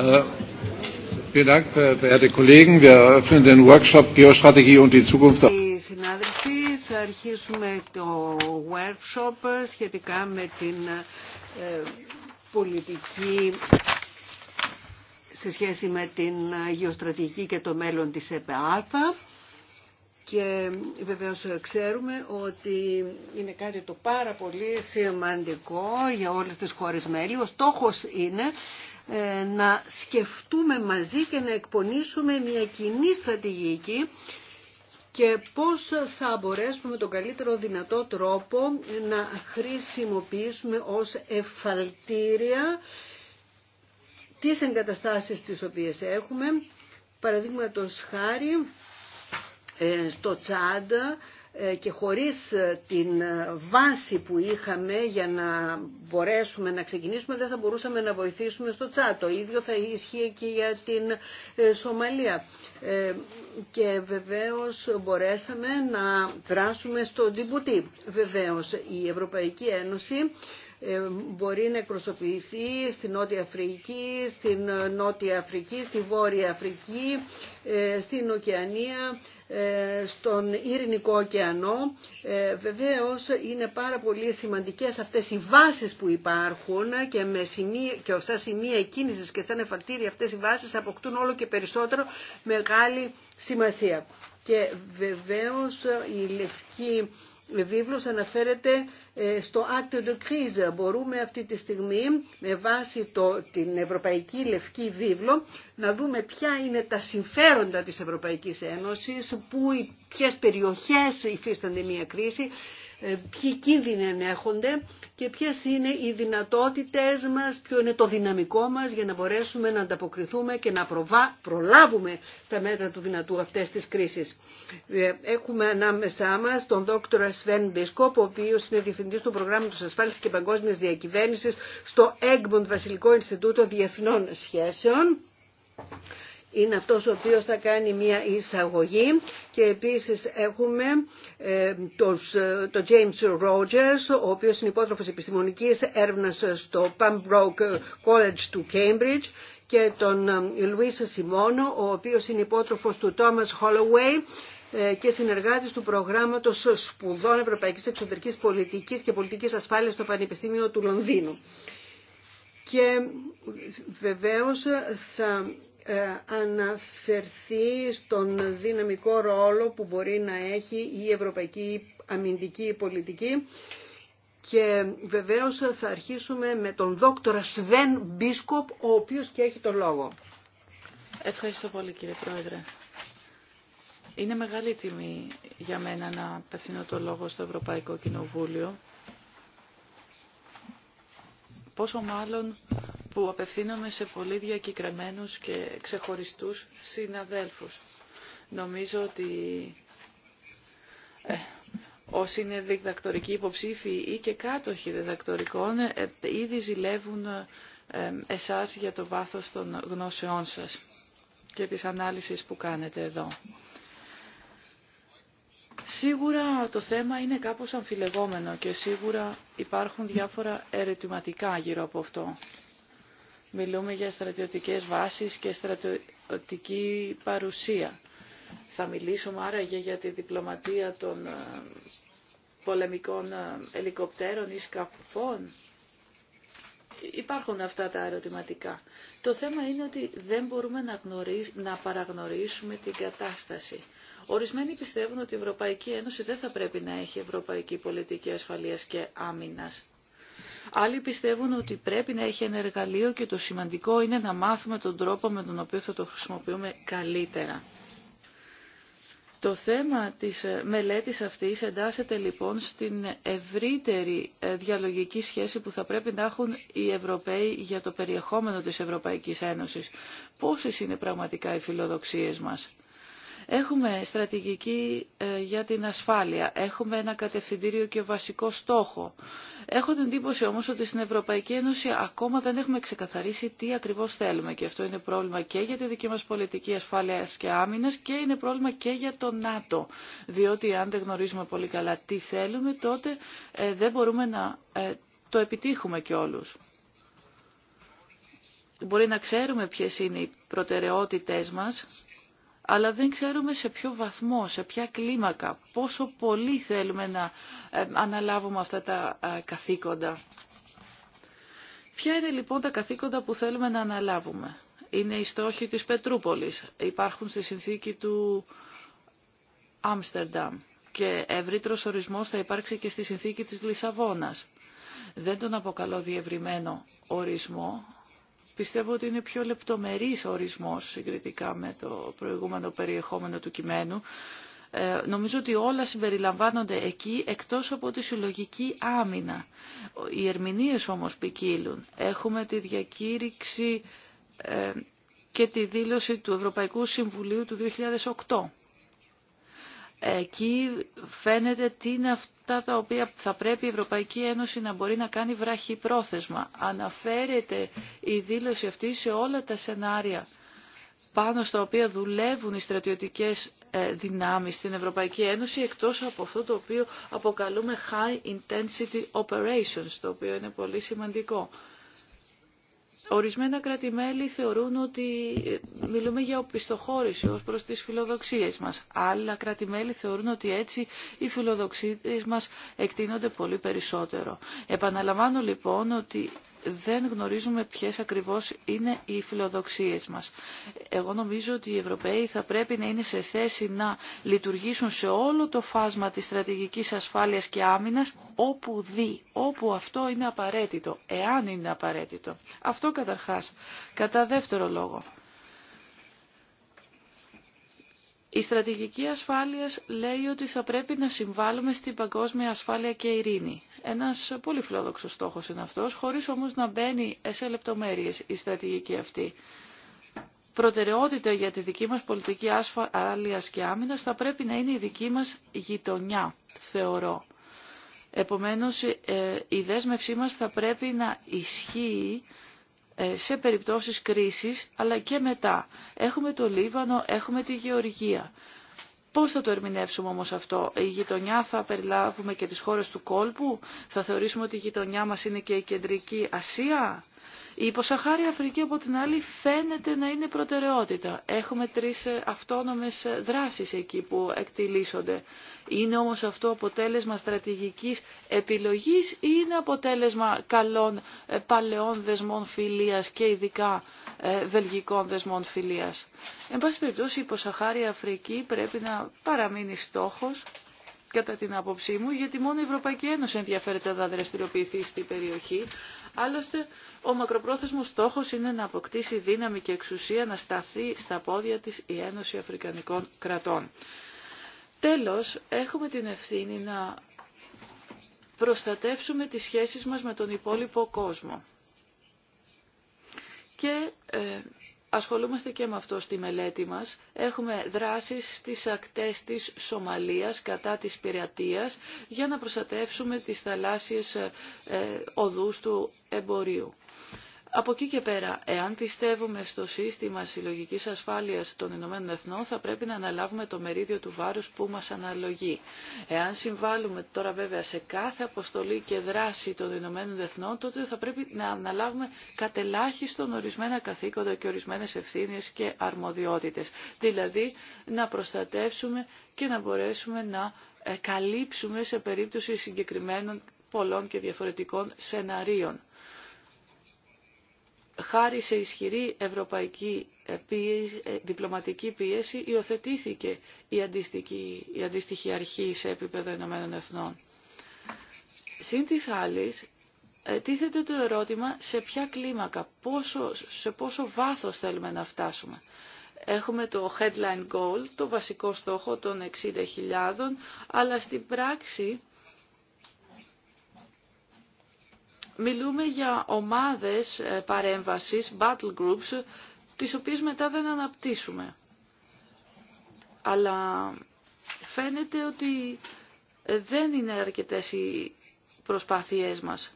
Äh, vielen Dank, äh, Kollegen. Workshop θα αρχίσουμε το workshop σχετικά με την ε, πολιτική σε σχέση με την γεωστρατηγική και το μέλλον της Αλφα και βεβαίως ξέρουμε ότι είναι κάτι το πάρα πολύ σημαντικό για όλες τις χώρες μέλη. Ο στόχος είναι ε, να σκεφτούμε μαζί και να εκπονήσουμε μια κοινή στρατηγική και πώς θα μπορέσουμε με τον καλύτερο δυνατό τρόπο να χρησιμοποιήσουμε ως εφαλτήρια τις εγκαταστάσεις τις οποίες έχουμε. Παραδείγματος χάρη ε, στο Τσάντα ε, και χωρίς ε, την ε, βάση που είχαμε για να μπορέσουμε να ξεκινήσουμε δεν θα μπορούσαμε να βοηθήσουμε στο τσάτο. ίδιο θα ισχύει και για την Σομαλία. Και βεβαίως μπορέσαμε να δράσουμε στο Τζιμπουτί. Βεβαίως η Ευρωπαϊκή Ένωση ε, μπορεί να εκπροσωπηθεί στην Νότια Αφρική, στην Νότια Αφρική, στη Βόρεια Αφρική, ε, στην Οκεανία, ε, στον Ειρηνικό Ωκεανό. Βεβαίως είναι πάρα πολύ σημαντικές αυτές οι βάσεις που υπάρχουν και, με σημεία, και ως τα σημεία κίνησης και σαν εφαρτήρια αυτές οι βάσεις αποκτούν όλο και περισσότερο μεγάλη σημασία. Και βεβαίως η λευκή βίβλος αναφέρεται ε, στο Acte de Crise. Μπορούμε αυτή τη στιγμή με βάση το, την Ευρωπαϊκή Λευκή Βίβλο να δούμε ποια είναι τα συμφέροντα της Ευρωπαϊκής Ένωσης, που, ποιες περιοχές υφίστανται μια κρίση ε, ποιοι κίνδυνοι ενέχονται και ποιες είναι οι δυνατότητες μας, ποιο είναι το δυναμικό μας για να μπορέσουμε να ανταποκριθούμε και να προβά, προλάβουμε στα μέτρα του δυνατού αυτές τις κρίσεις. Ε, έχουμε ανάμεσά μας τον δόκτωρα Σβέν Μπισκόπ, ο οποίος είναι διευθυντής του προγράμματος ασφάλισης και παγκόσμιας διακυβέρνησης στο Egmont Βασιλικό Ινστιτούτο Διεθνών Σχέσεων είναι αυτός ο οποίος θα κάνει μια εισαγωγή και επίσης έχουμε ε, ε, τον James Rogers, ο οποίος είναι υπότροφος επιστημονικής έρευνας στο Pembroke College του Cambridge και τον Λουίς ε, Σιμόνο, ο οποίος είναι υπότροφος του Thomas Holloway και συνεργάτης του προγράμματος σπουδών Ευρωπαϊκής Εξωτερικής Πολιτικής και Πολιτικής Ασφάλειας στο Πανεπιστήμιο του Λονδίνου. Και βεβαίως θα ε, αναφερθεί στον δυναμικό ρόλο που μπορεί να έχει η ευρωπαϊκή αμυντική πολιτική και βεβαίως θα αρχίσουμε με τον δόκτορα Σβέν Μπίσκοπ, ο οποίος και έχει το λόγο. Ευχαριστώ πολύ κύριε Πρόεδρε. Είναι μεγάλη τιμή για μένα να απευθύνω το λόγο στο Ευρωπαϊκό Κοινοβούλιο. Πόσο μάλλον που απευθύνομαι σε πολύ διακυκρεμένους και ξεχωριστούς συναδέλφους. Νομίζω ότι ε, όσοι είναι διδακτορικοί υποψήφοι ή και κάτοχοι διδακτορικών ε, ήδη ζηλεύουν ε, εσάς για το βάθος των γνώσεών σας και της ανάλυσης που κάνετε εδώ. Σίγουρα το θέμα είναι κάπως αμφιλεγόμενο και σίγουρα υπάρχουν διάφορα ερετηματικά γύρω από αυτό μιλούμε για στρατιωτικές βάσεις και στρατιωτική παρουσία. Θα μιλήσουμε άραγε για τη διπλωματία των ε, πολεμικών ε, ελικοπτέρων ή σκαφών. Υπάρχουν αυτά τα ερωτηματικά. Το θέμα είναι ότι δεν μπορούμε να, να παραγνωρίσουμε την κατάσταση. Ορισμένοι πιστεύουν ότι η Ευρωπαϊκή Ένωση δεν θα πρέπει να έχει ευρωπαϊκή πολιτική ασφαλείας και άμυνας. Άλλοι πιστεύουν ότι πρέπει να έχει ένα εργαλείο και το σημαντικό είναι να μάθουμε τον τρόπο με τον οποίο θα το χρησιμοποιούμε καλύτερα. Το θέμα της ε, μελέτης αυτής εντάσσεται λοιπόν στην ευρύτερη ε, διαλογική σχέση που θα πρέπει να έχουν οι Ευρωπαίοι για το περιεχόμενο της Ευρωπαϊκής Ένωσης. Πόσες είναι πραγματικά οι φιλοδοξίες μας. Έχουμε στρατηγική ε, για την ασφάλεια, έχουμε ένα κατευθυντήριο και βασικό στόχο. Έχω την εντύπωση όμως ότι στην Ευρωπαϊκή Ένωση ακόμα δεν έχουμε ξεκαθαρίσει τι ακριβώς θέλουμε και αυτό είναι πρόβλημα και για τη δική μας πολιτική ασφάλειας και άμυνας και είναι πρόβλημα και για το ΝΑΤΟ, διότι αν δεν γνωρίζουμε πολύ καλά τι θέλουμε τότε ε, δεν μπορούμε να ε, το επιτύχουμε κι Μπορεί να ξέρουμε ποιες είναι οι προτεραιότητες μας, αλλά δεν ξέρουμε σε ποιο βαθμό, σε ποια κλίμακα, πόσο πολύ θέλουμε να ε, αναλάβουμε αυτά τα ε, καθήκοντα. Ποια είναι λοιπόν τα καθήκοντα που θέλουμε να αναλάβουμε. Είναι οι στόχοι της Πετρούπολης, υπάρχουν στη συνθήκη του Άμστερνταμ και ευρύτερο ορισμός θα υπάρξει και στη συνθήκη της Λισαβόνας. Δεν τον αποκαλώ διευρυμένο ορισμό, Πιστεύω ότι είναι πιο λεπτομερής ορισμός συγκριτικά με το προηγούμενο περιεχόμενο του κειμένου. Ε, νομίζω ότι όλα συμπεριλαμβάνονται εκεί εκτός από τη συλλογική άμυνα. Οι ερμηνείες όμως ποικίλουν. Έχουμε τη διακήρυξη ε, και τη δήλωση του Ευρωπαϊκού Συμβουλίου του 2008 Εκεί φαίνεται τι είναι αυτά τα οποία θα πρέπει η Ευρωπαϊκή Ένωση να μπορεί να κάνει βράχη πρόθεσμα. Αναφέρεται η δήλωση αυτή σε όλα τα σενάρια πάνω στα οποία δουλεύουν οι στρατιωτικές ε, δυνάμεις στην Ευρωπαϊκή Ένωση εκτός από αυτό το οποίο αποκαλούμε high intensity operations, το οποίο είναι πολύ σημαντικό. Ορισμένα κρατημέλη θεωρούν ότι ε, μιλούμε για οπισθοχώρηση ως προς τις φιλοδοξίες μας. Άλλα κρατημέλη θεωρούν ότι έτσι οι φιλοδοξίες μας εκτείνονται πολύ περισσότερο. Επαναλαμβάνω λοιπόν ότι δεν γνωρίζουμε ποιες ακριβώς είναι οι φιλοδοξίες μας. Εγώ νομίζω ότι οι Ευρωπαίοι θα πρέπει να είναι σε θέση να λειτουργήσουν σε όλο το φάσμα της στρατηγικής ασφάλειας και άμυνας όπου δει, όπου αυτό είναι απαραίτητο, εάν είναι απαραίτητο. Αυτό καταρχάς. Κατά δεύτερο λόγο. Η στρατηγική ασφάλειας λέει ότι θα πρέπει να συμβάλλουμε στην παγκόσμια ασφάλεια και ειρήνη. Ένας πολύ φιλόδοξος στόχος είναι αυτός, χωρίς όμως να μπαίνει σε λεπτομέρειες η στρατηγική αυτή. Προτεραιότητα για τη δική μας πολιτική ασφάλειας και άμυνας θα πρέπει να είναι η δική μας γειτονιά, θεωρώ. Επομένως, ε, η δέσμευσή μας θα πρέπει να ισχύει ε, σε περιπτώσεις κρίσης, αλλά και μετά. Έχουμε το Λίβανο, έχουμε τη Γεωργία. Πώς θα το ερμηνεύσουμε όμως αυτό. Η γειτονιά θα περιλάβουμε και τις χώρες του κόλπου. Θα θεωρήσουμε ότι η γειτονιά μας είναι και η Κεντρική Ασία. Η υποσαχάρια Αφρική από την άλλη φαίνεται να είναι προτεραιότητα. Έχουμε τρεις ε, αυτόνομες ε, δράσεις εκεί που εκτιλήσονται. Είναι όμως αυτό αποτέλεσμα στρατηγικής επιλογής ή είναι αποτέλεσμα καλών ε, παλαιών δεσμών φιλίας και ειδικά βελγικών δεσμών φιλίας. Εν πάση περιπτώσει η υποσαχάρια Αφρική πρέπει να παραμείνει στόχος κατά την άποψή μου, γιατί μόνο η Ευρωπαϊκή Ένωση ενδιαφέρεται να δραστηριοποιηθεί στην περιοχή, Άλλωστε, ο μακροπρόθεσμος στόχος είναι να αποκτήσει δύναμη και εξουσία να σταθεί στα πόδια της η Ένωση Αφρικανικών Κρατών. Τέλος, έχουμε την ευθύνη να προστατεύσουμε τις σχέσεις μας με τον υπόλοιπο κόσμο. Και ε, ασχολούμαστε και με αυτό στη μελέτη μας. Έχουμε δράσεις στις ακτές της Σομαλίας κατά της πειρατείας για να προστατεύσουμε τις θαλάσσιες ε, ε, οδούς του εμπορίου. Από εκεί και πέρα, εάν πιστεύουμε στο σύστημα συλλογική ασφάλεια των Ηνωμένων θα πρέπει να αναλάβουμε το μερίδιο του βάρου που μα αναλογεί. Εάν συμβάλλουμε τώρα βέβαια σε κάθε αποστολή και δράση των Ηνωμένων τότε θα πρέπει να αναλάβουμε κατελάχιστον ορισμένα καθήκοντα και ορισμένε ευθύνες και αρμοδιότητε, Δηλαδή, να προστατεύσουμε και να μπορέσουμε να ε, καλύψουμε σε περίπτωση συγκεκριμένων πολλών και διαφορετικών σεναρίων χάρη σε ισχυρή ευρωπαϊκή πίεση, ε, διπλωματική πίεση υιοθετήθηκε η, αντίστοιχη, η αντίστοιχη αρχή σε επίπεδο Ηνωμένων Εθνών. Συν της άλλης, ε, τίθεται το ερώτημα σε ποια κλίμακα, πόσο, σε πόσο βάθος θέλουμε να φτάσουμε. Έχουμε το headline goal, το βασικό στόχο των 60.000, αλλά στην πράξη μιλούμε για ομάδες ε, παρέμβασης, battle groups, τις οποίες μετά δεν αναπτύσσουμε. Αλλά φαίνεται ότι ε, δεν είναι αρκετές οι προσπάθειές μας.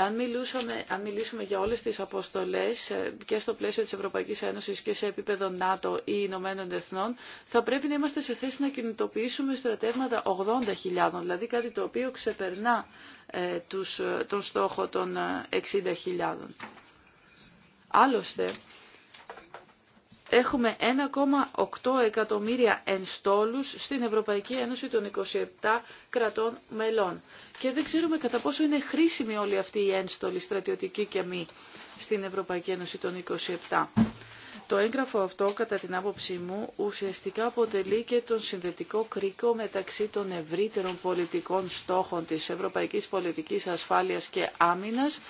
Αν, μιλούσαμε, μιλήσουμε για όλες τις αποστολές ε, και στο πλαίσιο της Ευρωπαϊκής Ένωσης και σε επίπεδο ΝΑΤΟ ή Ηνωμένων Εθνών, θα πρέπει να είμαστε σε θέση να κινητοποιήσουμε στρατεύματα 80.000, δηλαδή κάτι το οποίο ξεπερνά ε, ε, τον στόχο των 60.000. Άλλωστε, Έχουμε 1,8 εκατομμύρια ενστόλους στην Ευρωπαϊκή Ένωση των 27 κρατών μελών. Και δεν ξέρουμε κατά πόσο είναι χρήσιμη όλη αυτή η ένστολοι στρατιωτική και μη στην Ευρωπαϊκή Ένωση των 27. Το έγγραφο αυτό, κατά την άποψή μου, ουσιαστικά αποτελεί και τον συνδετικό κρίκο μεταξύ των ευρύτερων πολιτικών στόχων της Ευρωπαϊκής Πολιτικής Ασφάλειας και Άμυνας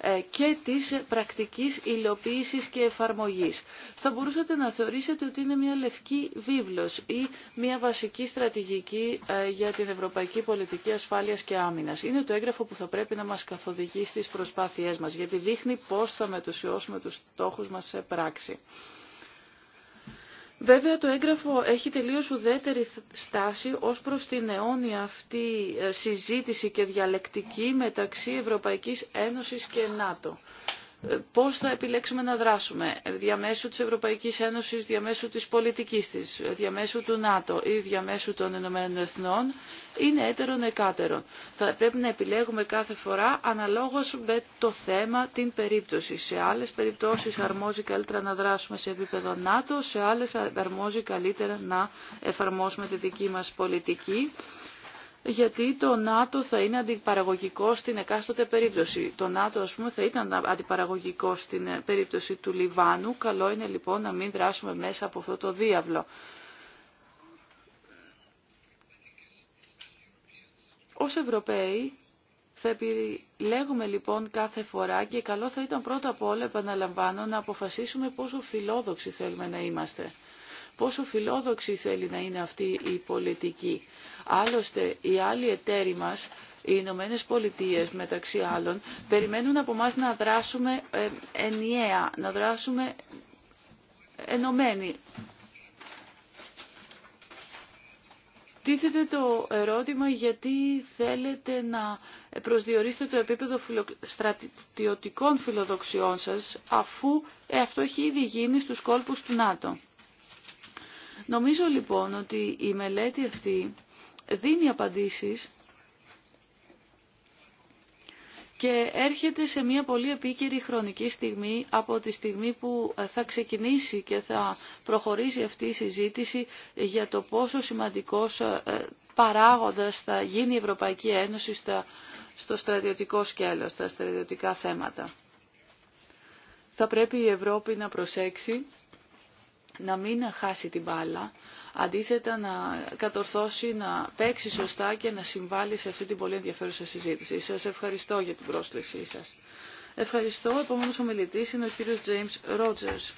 ε, και της πρακτικής υλοποίησης και εφαρμογής. Θα μπορούσατε να θεωρήσετε ότι είναι μια λευκή βίβλος ή μια βασική στρατηγική ε, για την Ευρωπαϊκή Πολιτική Ασφάλειας και Άμυνας. Είναι το έγγραφο που θα πρέπει να μας καθοδηγεί στις προσπάθειές μας, γιατί δείχνει πώς θα μετουσιώσουμε τους στόχους μας σε πράξη. Βέβαια το έγγραφο έχει τελείως ουδέτερη στάση ως προς την αιώνια αυτή ε, συζήτηση και διαλεκτική μεταξύ Ευρωπαϊκής Ένωσης και ΝΑΤΟ. Ε, πώς θα επιλέξουμε να δράσουμε ε, διαμέσου της Ευρωπαϊκής Ένωσης, διαμέσου της πολιτικής της, ε, διαμέσου του ΝΑΤΟ ή διαμέσου των Ηνωμένων Εθνών, είναι έτερον εκάτερον. Θα πρέπει να επιλέγουμε κάθε φορά αναλόγως με το θέμα την περίπτωση. Σε άλλες περιπτώσεις αρμόζει καλύτερα να δράσουμε σε επίπεδο ΝΑΤΟ, σε άλλες αρμόζει καλύτερα να εφαρμόσουμε τη δική μας πολιτική γιατί το ΝΑΤΟ θα είναι αντιπαραγωγικό στην εκάστοτε περίπτωση. Το ΝΑΤΟ, ας πούμε, θα ήταν αντιπαραγωγικό στην ε, περίπτωση του Λιβάνου. Καλό είναι λοιπόν να μην δράσουμε μέσα από αυτό το διάβλο. Ως Ευρωπαίοι θα επιλέγουμε λοιπόν κάθε φορά και καλό θα ήταν πρώτα απ' όλα, επαναλαμβάνω, να αποφασίσουμε πόσο φιλόδοξοι θέλουμε να είμαστε πόσο φιλόδοξη θέλει να είναι αυτή η πολιτική. Άλλωστε, οι άλλοι εταίροι μας, οι Ηνωμένε Πολιτείε μεταξύ άλλων, περιμένουν από εμά να δράσουμε ε, ενιαία, να δράσουμε ενωμένοι. Τίθεται το ερώτημα γιατί θέλετε να προσδιορίσετε το επίπεδο στρατιωτικών φιλοδοξιών σας αφού αυτό έχει ήδη γίνει στους κόλπους του ΝΑΤΟ. Νομίζω λοιπόν ότι η μελέτη αυτή δίνει απαντήσεις και έρχεται σε μια πολύ επίκαιρη χρονική στιγμή από τη στιγμή που θα ξεκινήσει και θα προχωρήσει αυτή η συζήτηση για το πόσο σημαντικός ε, παράγοντας θα γίνει η Ευρωπαϊκή Ένωση στα, στο στρατιωτικό σκέλος, στα στρατιωτικά θέματα. Θα πρέπει η Ευρώπη να προσέξει να μην χάσει την μπάλα, αντίθετα να κατορθώσει, να παίξει σωστά και να συμβάλλει σε αυτή την πολύ ενδιαφέρουσα συζήτηση. Σας ευχαριστώ για την πρόσκλησή σας. Ευχαριστώ. Ο επόμενος είναι ο κύριος James Rogers.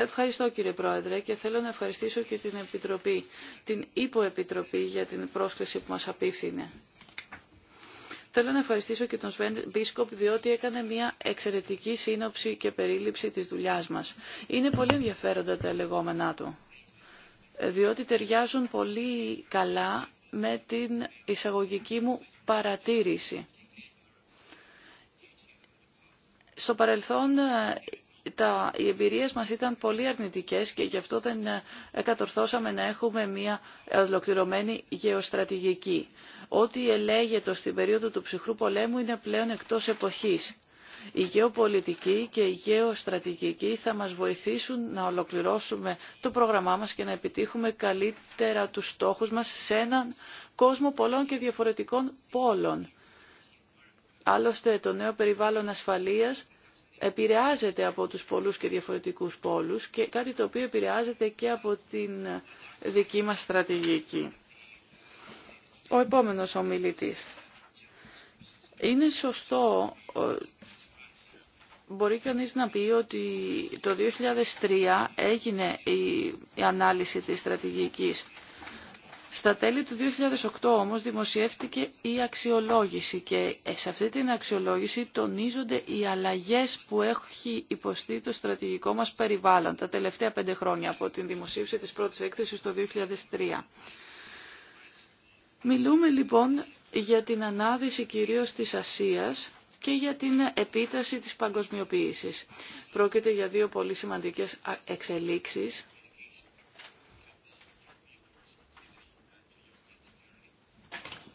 Ευχαριστώ κύριε Πρόεδρε και θέλω να ευχαριστήσω και την Επιτροπή, την Υποεπιτροπή για την πρόσκληση που μας απίφθινε. Θέλω να ευχαριστήσω και τον Σβέν Μπίσκοπ διότι έκανε μια εξαιρετική σύνοψη και περίληψη της δουλειάς μας. Είναι πολύ ενδιαφέροντα τα λεγόμενά του, διότι ταιριάζουν πολύ καλά με την εισαγωγική μου παρατήρηση. Στο παρελθόν οι εμπειρίες μας ήταν πολύ αρνητικές και γι' αυτό δεν ε, κατορθώσαμε να έχουμε μια ολοκληρωμένη γεωστρατηγική. Ό,τι ελέγεται στην περίοδο του ψυχρού πολέμου είναι πλέον εκτός εποχής. Η γεωπολιτική και η γεωστρατηγική θα μας βοηθήσουν να ολοκληρώσουμε το πρόγραμμά μας και να επιτύχουμε καλύτερα τους στόχους μας σε έναν κόσμο πολλών και διαφορετικών πόλων. Άλλωστε το νέο περιβάλλον ασφαλείας επηρεάζεται από τους πολλούς και διαφορετικούς πόλους και κάτι το οποίο επηρεάζεται και από την δική μας στρατηγική. Ο επόμενος ομιλητής. Είναι σωστό, ε, μπορεί κανείς να πει ότι το 2003 έγινε η ανάλυση της στρατηγικής στα τέλη του 2008 όμως δημοσιεύτηκε η αξιολόγηση και σε αυτή την αξιολόγηση τονίζονται οι αλλαγές που έχει υποστεί το στρατηγικό μας περιβάλλον τα τελευταία πέντε χρόνια από την δημοσίευση της πρώτης έκθεσης το 2003. Μιλούμε λοιπόν για την ανάδυση κυρίως της Ασίας και για την επίταση της παγκοσμιοποίησης. Πρόκειται για δύο πολύ σημαντικές εξελίξεις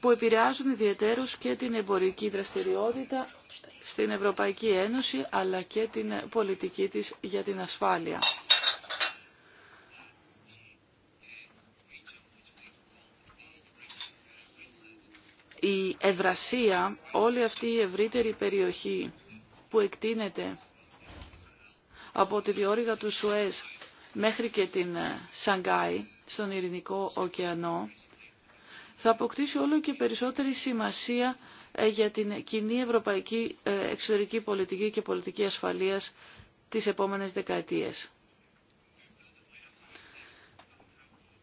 που επηρεάζουν ιδιαίτερως και την εμπορική δραστηριότητα στην Ευρωπαϊκή Ένωση αλλά και την πολιτική της για την ασφάλεια. Η Ευρασία, όλη αυτή η ευρύτερη περιοχή που εκτείνεται από τη διόρυγα του Σουέζ μέχρι και την Σαγκάη στον Ειρηνικό ωκεανό θα αποκτήσει όλο και περισσότερη σημασία ε, για την κοινή ευρωπαϊκή ε, εξωτερική πολιτική και πολιτική ασφαλείας τις επόμενες δεκαετίες.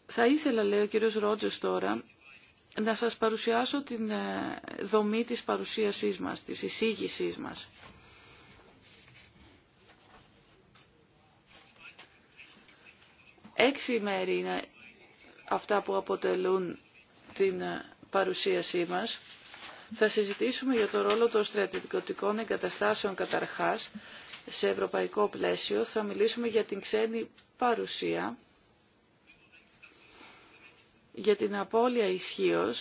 Θα ήθελα, λέει ο κύριος Ρότζες τώρα, να σας παρουσιάσω την ε, δομή της παρουσίασής μας, της εισήγησής μας. Έξι μέρη είναι αυτά που αποτελούν την ε, παρουσίασή μας. Θα συζητήσουμε για το ρόλο των στρατιωτικών εγκαταστάσεων καταρχάς σε ευρωπαϊκό πλαίσιο. Θα μιλήσουμε για την ξένη παρουσία, για την απώλεια ισχύω,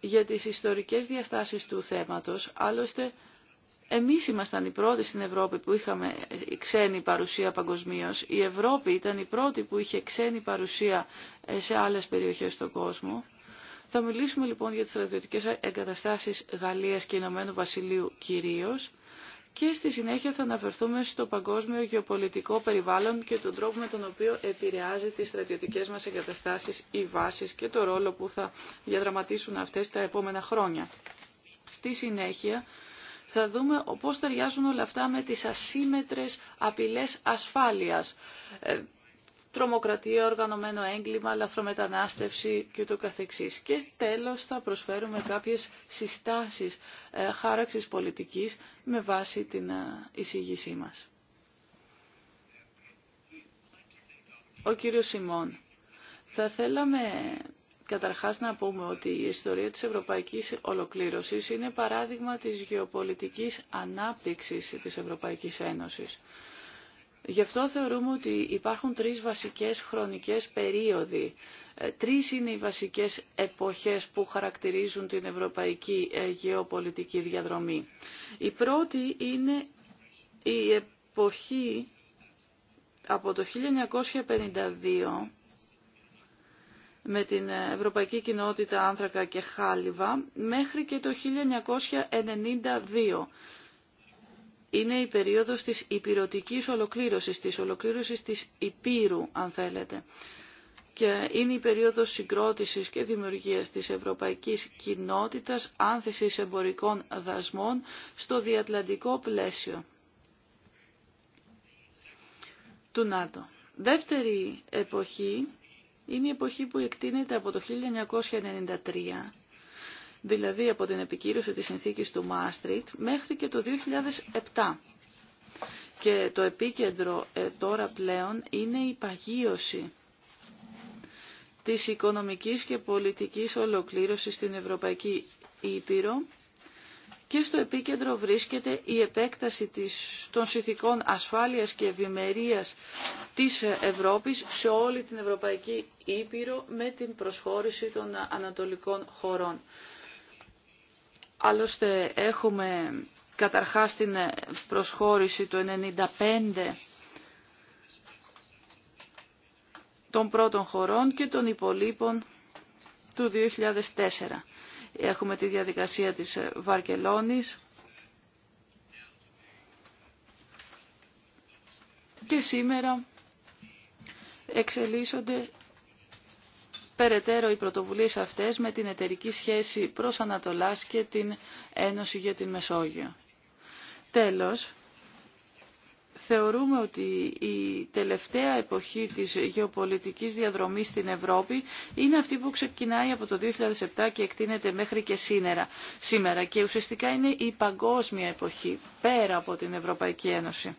για τις ιστορικές διαστάσεις του θέματος. Άλλωστε, εμείς ήμασταν οι πρώτοι στην Ευρώπη που είχαμε ξένη παρουσία παγκοσμίω. Η Ευρώπη ήταν η πρώτη που είχε ξένη παρουσία ε, σε άλλες περιοχές στον κόσμο. Θα μιλήσουμε λοιπόν για τις στρατιωτικές εγκαταστάσεις Γαλλίας και Ηνωμένου Βασιλείου κυρίως και στη συνέχεια θα αναφερθούμε στο παγκόσμιο γεωπολιτικό περιβάλλον και τον τρόπο με τον οποίο επηρεάζει τις στρατιωτικές μας εγκαταστάσεις ή βάσεις και το ρόλο που θα διαδραματίσουν αυτές τα επόμενα χρόνια. Στη συνέχεια θα δούμε πώς ταιριάζουν όλα αυτά με τις ασύμετρες απειλές ασφάλειας. Ε, τρομοκρατία, οργανωμένο έγκλημα, λαθρομετανάστευση και το καθεξής. Και τέλος θα προσφέρουμε κάποιες συστάσεις ε, χάραξης πολιτικής με βάση την ε, εισηγήσή μας. Ο κύριος Σιμών. Θα θέλαμε Καταρχάς να πούμε ότι η ιστορία της ευρωπαϊκής ολοκλήρωσης είναι παράδειγμα της γεωπολιτικής ανάπτυξης της Ευρωπαϊκής Ένωσης. Γι' αυτό θεωρούμε ότι υπάρχουν τρεις βασικές χρονικές περίοδοι. Ε, τρεις είναι οι βασικές εποχές που χαρακτηρίζουν την ευρωπαϊκή ε, γεωπολιτική διαδρομή. Η πρώτη είναι η εποχή από το 1952 με την Ευρωπαϊκή Κοινότητα Άνθρακα και Χάλιβα μέχρι και το 1992. Είναι η περίοδος της υπηρετικής ολοκλήρωσης, της ολοκλήρωσης της υπήρου, αν θέλετε. Και είναι η περίοδος συγκρότησης και δημιουργίας της Ευρωπαϊκής Κοινότητας άνθησης εμπορικών δασμών στο διατλαντικό πλαίσιο του ΝΑΤΟ. Δεύτερη εποχή είναι η εποχή που εκτείνεται από το 1993, δηλαδή από την επικύρωση της συνθήκης του Μάστριτ μέχρι και το 2007. Και το επίκεντρο ε, τώρα πλέον είναι η παγίωση της οικονομικής και πολιτικής ολοκλήρωσης στην Ευρωπαϊκή Ήπειρο και στο επίκεντρο βρίσκεται η επέκταση των συνθηκών ασφάλειας και ευημερία της Ευρώπης σε όλη την Ευρωπαϊκή Ήπειρο με την προσχώρηση των ανατολικών χωρών. Άλλωστε έχουμε καταρχάς την προσχώρηση του 95 των πρώτων χωρών και των υπολείπων του 2004. Έχουμε τη διαδικασία της ε, Βαρκελόνης. Και σήμερα εξελίσσονται περαιτέρω οι πρωτοβουλίες αυτές με την εταιρική σχέση προς Ανατολάς και την Ένωση για την Μεσόγειο. Τέλος, θεωρούμε ότι η τελευταία εποχή της γεωπολιτικής διαδρομής στην Ευρώπη είναι αυτή που ξεκινάει από το 2007 και εκτείνεται μέχρι και σήμερα και ουσιαστικά είναι η παγκόσμια εποχή πέρα από την Ευρωπαϊκή Ένωση.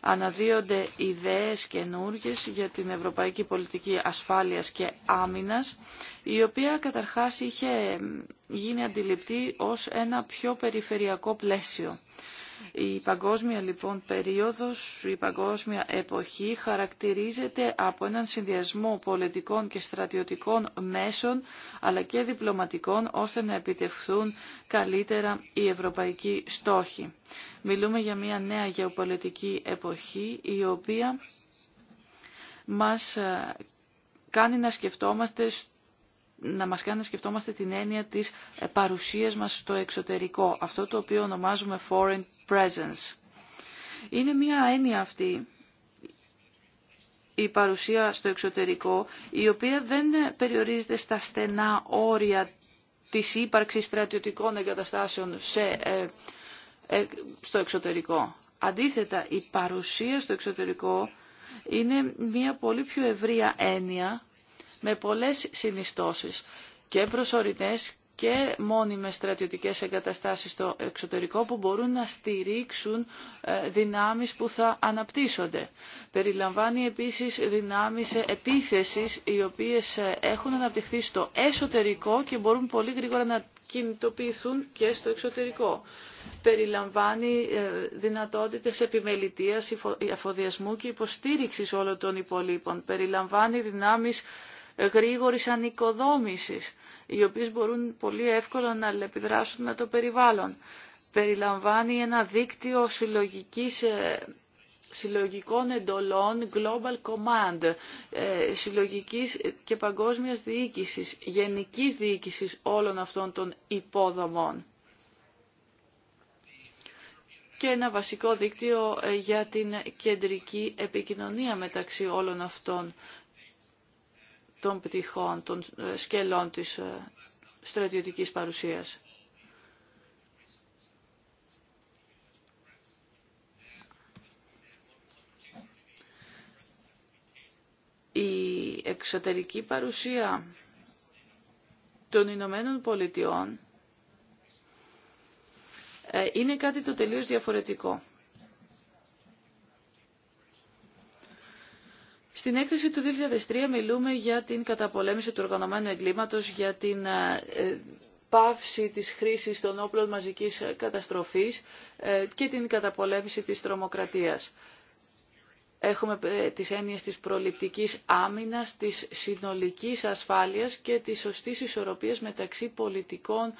Αναδύονται ιδέες καινούργιε για την ευρωπαϊκή πολιτική ασφάλειας και άμυνας, η οποία καταρχάς είχε γίνει αντιληπτή ως ένα πιο περιφερειακό πλαίσιο. Η παγκόσμια λοιπόν περίοδος, η παγκόσμια εποχή χαρακτηρίζεται από έναν συνδυασμό πολιτικών και στρατιωτικών μέσων αλλά και διπλωματικών ώστε να επιτευχθούν καλύτερα οι ευρωπαϊκοί στόχοι. Μιλούμε για μια νέα γεωπολιτική εποχή η οποία μας ε, κάνει να σκεφτόμαστε να μας κάνει να σκεφτόμαστε την έννοια της ε, παρουσίας μας στο εξωτερικό, αυτό το οποίο ονομάζουμε foreign presence. Είναι μια έννοια αυτή η παρουσία στο εξωτερικό, η οποία δεν ε, περιορίζεται στα στενά όρια της ύπαρξης στρατιωτικών εγκαταστάσεων σε, ε, στο εξωτερικό. Αντίθετα, η παρουσία στο εξωτερικό είναι μια πολύ πιο ευρία έννοια με πολλές συνιστώσεις και προσωρινές και μόνιμες στρατιωτικές εγκαταστάσεις στο εξωτερικό που μπορούν να στηρίξουν ε, δυνάμεις που θα αναπτύσσονται. Περιλαμβάνει επίσης δυνάμεις επίθεσης οι οποίες ε, έχουν αναπτυχθεί στο εσωτερικό και μπορούν πολύ γρήγορα να κινητοποιηθούν και στο εξωτερικό. Περιλαμβάνει ε, δυνατότητες επιμελητίας, αφοδιασμού και υποστήριξης όλων των υπολείπων. Περιλαμβάνει δυνάμεις γρήγορης ανοικοδόμησης, οι οποίες μπορούν πολύ εύκολα να αλληλεπιδράσουν με το περιβάλλον. Περιλαμβάνει ένα δίκτυο ε, συλλογικών εντολών Global Command, ε, συλλογικής και παγκόσμιας διοίκησης, γενικής διοίκησης όλων αυτών των υπόδομων και ένα βασικό δίκτυο ε, για την κεντρική επικοινωνία μεταξύ όλων αυτών των πτυχών, των ε, σκελών της ε, στρατιωτικής παρουσίας. Η εξωτερική παρουσία των Ηνωμένων Πολιτειών ε, είναι κάτι το τελείως διαφορετικό. Στην έκθεση του 2003 μιλούμε για την καταπολέμηση του οργανωμένου εγκλήματος, για την ε, πάυση της χρήσης των όπλων μαζικής καταστροφής ε, και την καταπολέμηση της τρομοκρατίας. Έχουμε ε, τις έννοιες της προληπτικής άμυνας, της συνολικής ασφάλειας και της σωστής ισορροπίας μεταξύ πολιτικών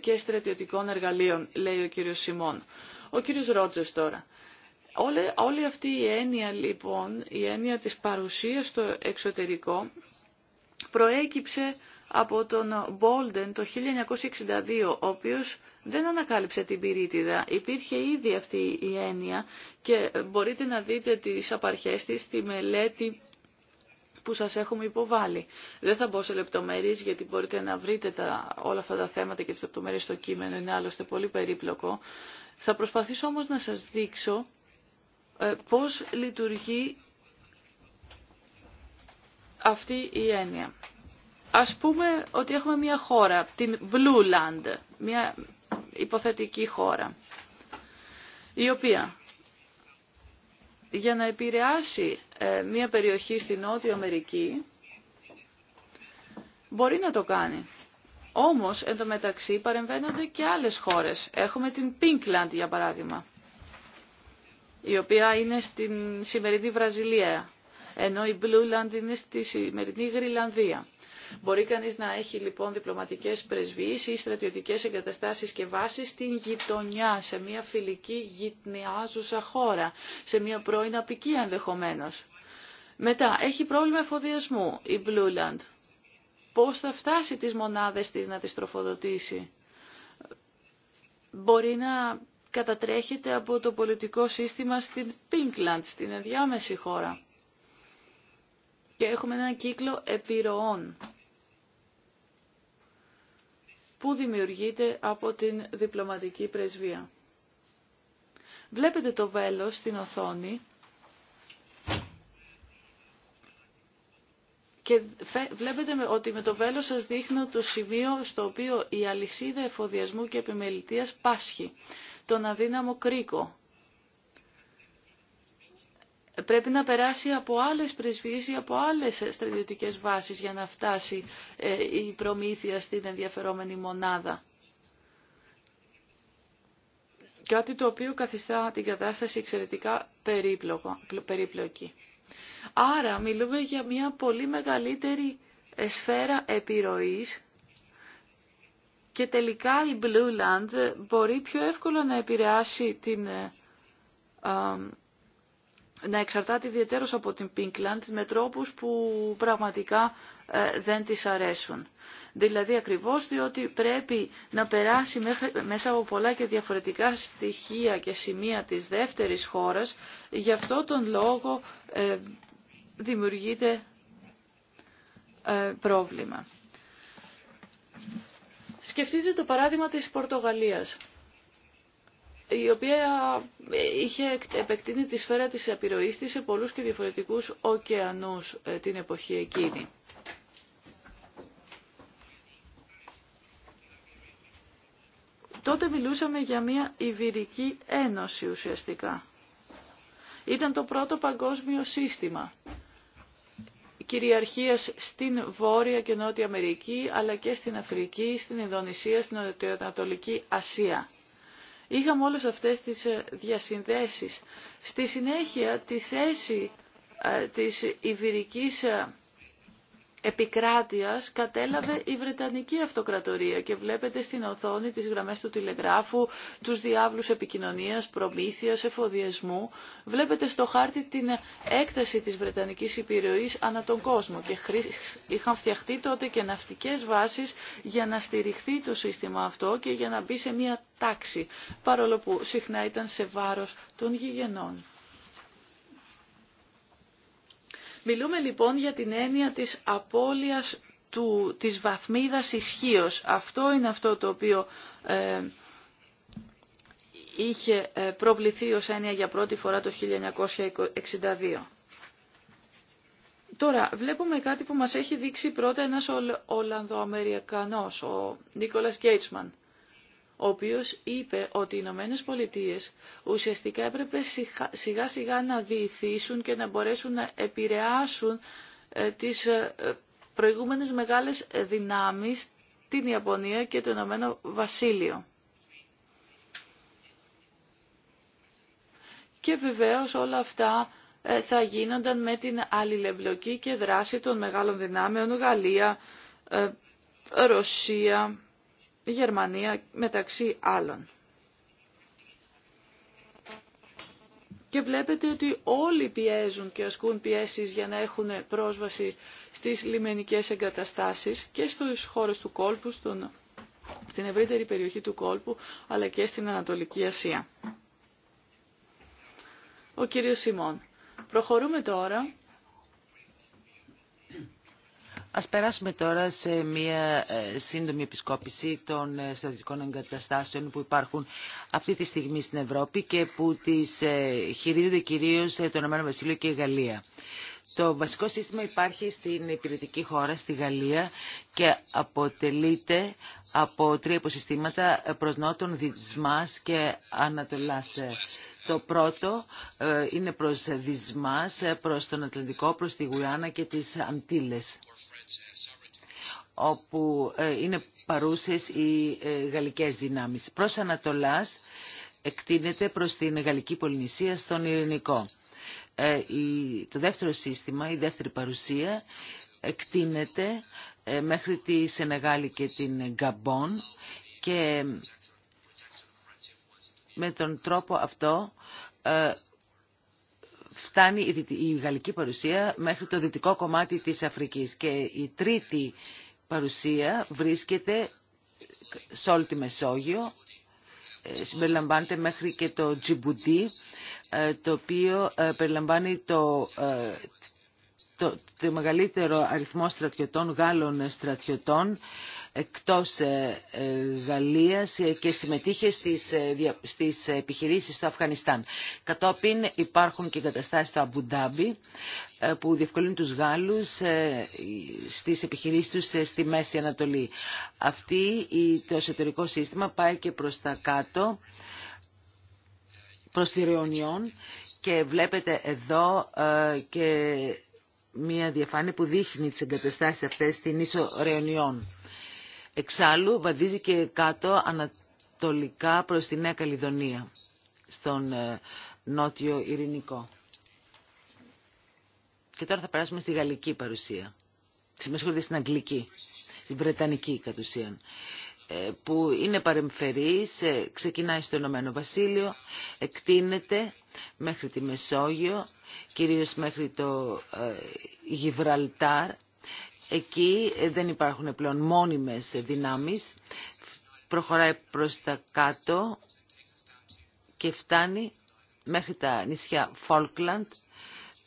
και στρατιωτικών εργαλείων, λέει ο κύριος Σιμών. Ο κύριος Ρότζες τώρα. Όλη, όλη αυτή η έννοια λοιπόν, η έννοια της παρουσίας στο εξωτερικό προέκυψε από τον Μπόλντεν το 1962, ο οποίος δεν ανακάλυψε την πυρίτιδα. Υπήρχε ήδη αυτή η έννοια και μπορείτε να δείτε τις απαρχές της στη μελέτη που σας έχουμε υποβάλει. Δεν θα μπω σε λεπτομέρειες γιατί μπορείτε να βρείτε τα, όλα αυτά τα θέματα και τις λεπτομέρειες στο κείμενο, είναι άλλωστε πολύ περίπλοκο. Θα προσπαθήσω όμως να σας δείξω ε, πώς λειτουργεί αυτή η έννοια. Ας πούμε ότι έχουμε μια χώρα, την Blue Land, μια υποθετική χώρα, η οποία για να επηρεάσει ε, μια περιοχή στη Νότια Αμερική μπορεί να το κάνει. Όμως, εν τω μεταξύ, παρεμβαίνονται και άλλες χώρες. Έχουμε την Pinkland, για παράδειγμα, η οποία είναι στην σημερινή Βραζιλία, ενώ η Blue Land είναι στη σημερινή Γρυλανδία. Μπορεί κανείς να έχει λοιπόν διπλωματικές πρεσβείες ή στρατιωτικές εγκαταστάσεις και βάσεις στην γειτονιά, σε μια φιλική γειτνιάζουσα χώρα, σε μια πρώην απικία ενδεχομένω. Μετά, έχει πρόβλημα εφοδιασμού η Blue Land. Πώς θα φτάσει τις μονάδες της να τις τροφοδοτήσει. Μπορεί να κατατρέχεται από το πολιτικό σύστημα στην Πίνκλαντ, στην ενδιάμεση χώρα. Και έχουμε έναν κύκλο επιρροών που δημιουργείται από την διπλωματική πρεσβεία. Βλέπετε το βέλος στην οθόνη και βλέπετε ότι με το βέλος σας δείχνω το σημείο στο οποίο η αλυσίδα εφοδιασμού και επιμελητίας πάσχει τον αδύναμο κρίκο. Πρέπει να περάσει από άλλες πρεσβείες ή από άλλες στρατιωτικές βάσεις για να φτάσει ε, η προμήθεια στην ενδιαφερόμενη μονάδα. Κάτι το οποίο καθιστά την κατάσταση εξαιρετικά περίπλοκη. Άρα μιλούμε για μια πολύ μεγαλύτερη ε, σφαίρα επιρροής και τελικά η Blue Land μπορεί πιο εύκολα να επηρεάσει την, ε, να εξαρτάται ιδιαίτερως από την Land με τρόπους που πραγματικά ε, δεν της αρέσουν. Δηλαδή ακριβώς διότι πρέπει να περάσει μέσα από πολλά και διαφορετικά στοιχεία και σημεία της δεύτερης χώρας, γι' αυτό τον λόγο ε, δημιουργείται πρόβλημα. Σκεφτείτε το παράδειγμα της Πορτογαλίας η οποία είχε επεκτείνει τη σφαίρα της επιρροής της σε πολλούς και διαφορετικούς ωκεανούς ε, την εποχή εκείνη. Τότε μιλούσαμε για μια Ιβυρική Ένωση ουσιαστικά. Ήταν το πρώτο παγκόσμιο σύστημα κυριαρχίας στην Βόρεια και Νότια Αμερική, αλλά και στην Αφρική, στην Ινδονησία, στην Ανατολική Ασία. Είχαμε όλες αυτές τις ε, διασυνδέσεις. Στη συνέχεια, τη θέση ε, της Ιβηρικής ε, επικράτειας κατέλαβε η Βρετανική Αυτοκρατορία και βλέπετε στην οθόνη τις γραμμές του τηλεγράφου, τους διάβλους επικοινωνίας, προμήθειας, εφοδιασμού. Βλέπετε στο χάρτη την έκταση της Βρετανικής Υπηρωής ανά τον κόσμο και είχαν φτιαχτεί τότε και ναυτικές βάσεις για να στηριχθεί το σύστημα αυτό και για να μπει σε μια τάξη, παρόλο που συχνά ήταν σε βάρος των γηγενών. Μιλούμε λοιπόν για την έννοια της απώλειας του, της βαθμίδας ισχύω. Αυτό είναι αυτό το οποίο ε, είχε ε, προβληθεί ως έννοια για πρώτη φορά το 1962. Τώρα, βλέπουμε κάτι που μας έχει δείξει πρώτα ένας Ολλανδοαμερικανός, ο Νίκολας Γκέιτσμαν ο οποίος είπε ότι οι Ηνωμένε Πολιτείε ουσιαστικά έπρεπε σιγά σιγά να διηθήσουν και να μπορέσουν να επηρεάσουν ε, τις ε, προηγούμενες μεγάλες δυνάμεις την Ιαπωνία και το Ηνωμένο Βασίλειο. Και βεβαίως όλα αυτά ε, θα γίνονταν με την αλληλεμπλοκή και δράση των μεγάλων δυνάμεων Γαλλία, Ρωσία, η Γερμανία μεταξύ άλλων. Και βλέπετε ότι όλοι πιέζουν και ασκούν πιέσεις για να έχουν πρόσβαση στις λιμενικές εγκαταστάσεις και στους χώρους του κόλπου, στον, στην ευρύτερη περιοχή του κόλπου, αλλά και στην Ανατολική Ασία. Ο κύριος Σιμών. Προχωρούμε τώρα Ας περάσουμε τώρα σε μια ε, σύντομη επισκόπηση των ε, στρατιωτικών εγκαταστάσεων που υπάρχουν αυτή τη στιγμή στην Ευρώπη και που τις ε, χειρίζονται κυρίως το Ηνωμένο Βασίλειο και η Γαλλία. Το βασικό σύστημα υπάρχει στην υπηρετική χώρα, στη Γαλλία και αποτελείται από τρία υποσυστήματα προς νότων, και ανατολάς. Το πρώτο είναι προς δυσμάς, προς τον Ατλαντικό, προς τη Γουιάννα και τις Αντίλες όπου ε, είναι παρούσες οι ε, γαλλικές δυνάμεις. Προς Ανατολάς εκτείνεται προς την γαλλική πολυνησία στον Ειρηνικό. Ε, το δεύτερο σύστημα, η δεύτερη παρουσία, εκτείνεται μέχρι τη Σενεγάλη και την Γκαμπόν και με τον τρόπο αυτό φτάνει η γαλλική παρουσία μέχρι το δυτικό κομμάτι της Αφρικής. Και η τρίτη παρουσία βρίσκεται σε όλη τη Μεσόγειο, ε, συμπεριλαμβάνεται μέχρι και το Τζιμπουτί, ε, το οποίο ε, περιλαμβάνει το, το, μεγαλύτερο αριθμό στρατιωτών, Γάλλων στρατιωτών εκτός ε, ε, Γαλλίας ε, και συμμετείχε στις, στις επιχειρήσεις στο Αφγανιστάν. Κατόπιν υπάρχουν και καταστάσεις στο Αμπουντάμπι που διευκολύνουν τους Γάλλους στις επιχειρήσεις τους στη Μέση Ανατολή. Αυτή το εσωτερικό σύστημα πάει και προς τα κάτω, προς τη Ρεωνιόν και βλέπετε εδώ και μία διαφάνεια που δείχνει τις εγκαταστάσεις αυτές στην ίσο Ρεωνιών. Εξάλλου βαδίζει και κάτω ανατολικά προς τη Νέα Καλλιδονία, στον ε, νότιο Ειρηνικό. Και τώρα θα περάσουμε στη γαλλική παρουσία. Συμμεσχολείται στην αγγλική, στην βρετανική κατ' ουσίαν ε, που είναι παρεμφερής, ε, ξεκινάει στο Ηνωμένο Βασίλειο, εκτείνεται μέχρι τη Μεσόγειο, κυρίως μέχρι το Γιβραλτάρ Εκεί ε, δεν υπάρχουν πλέον μόνιμες δυνάμεις. Προχωράει προς τα κάτω και φτάνει μέχρι τα νησιά Φόλκλαντ,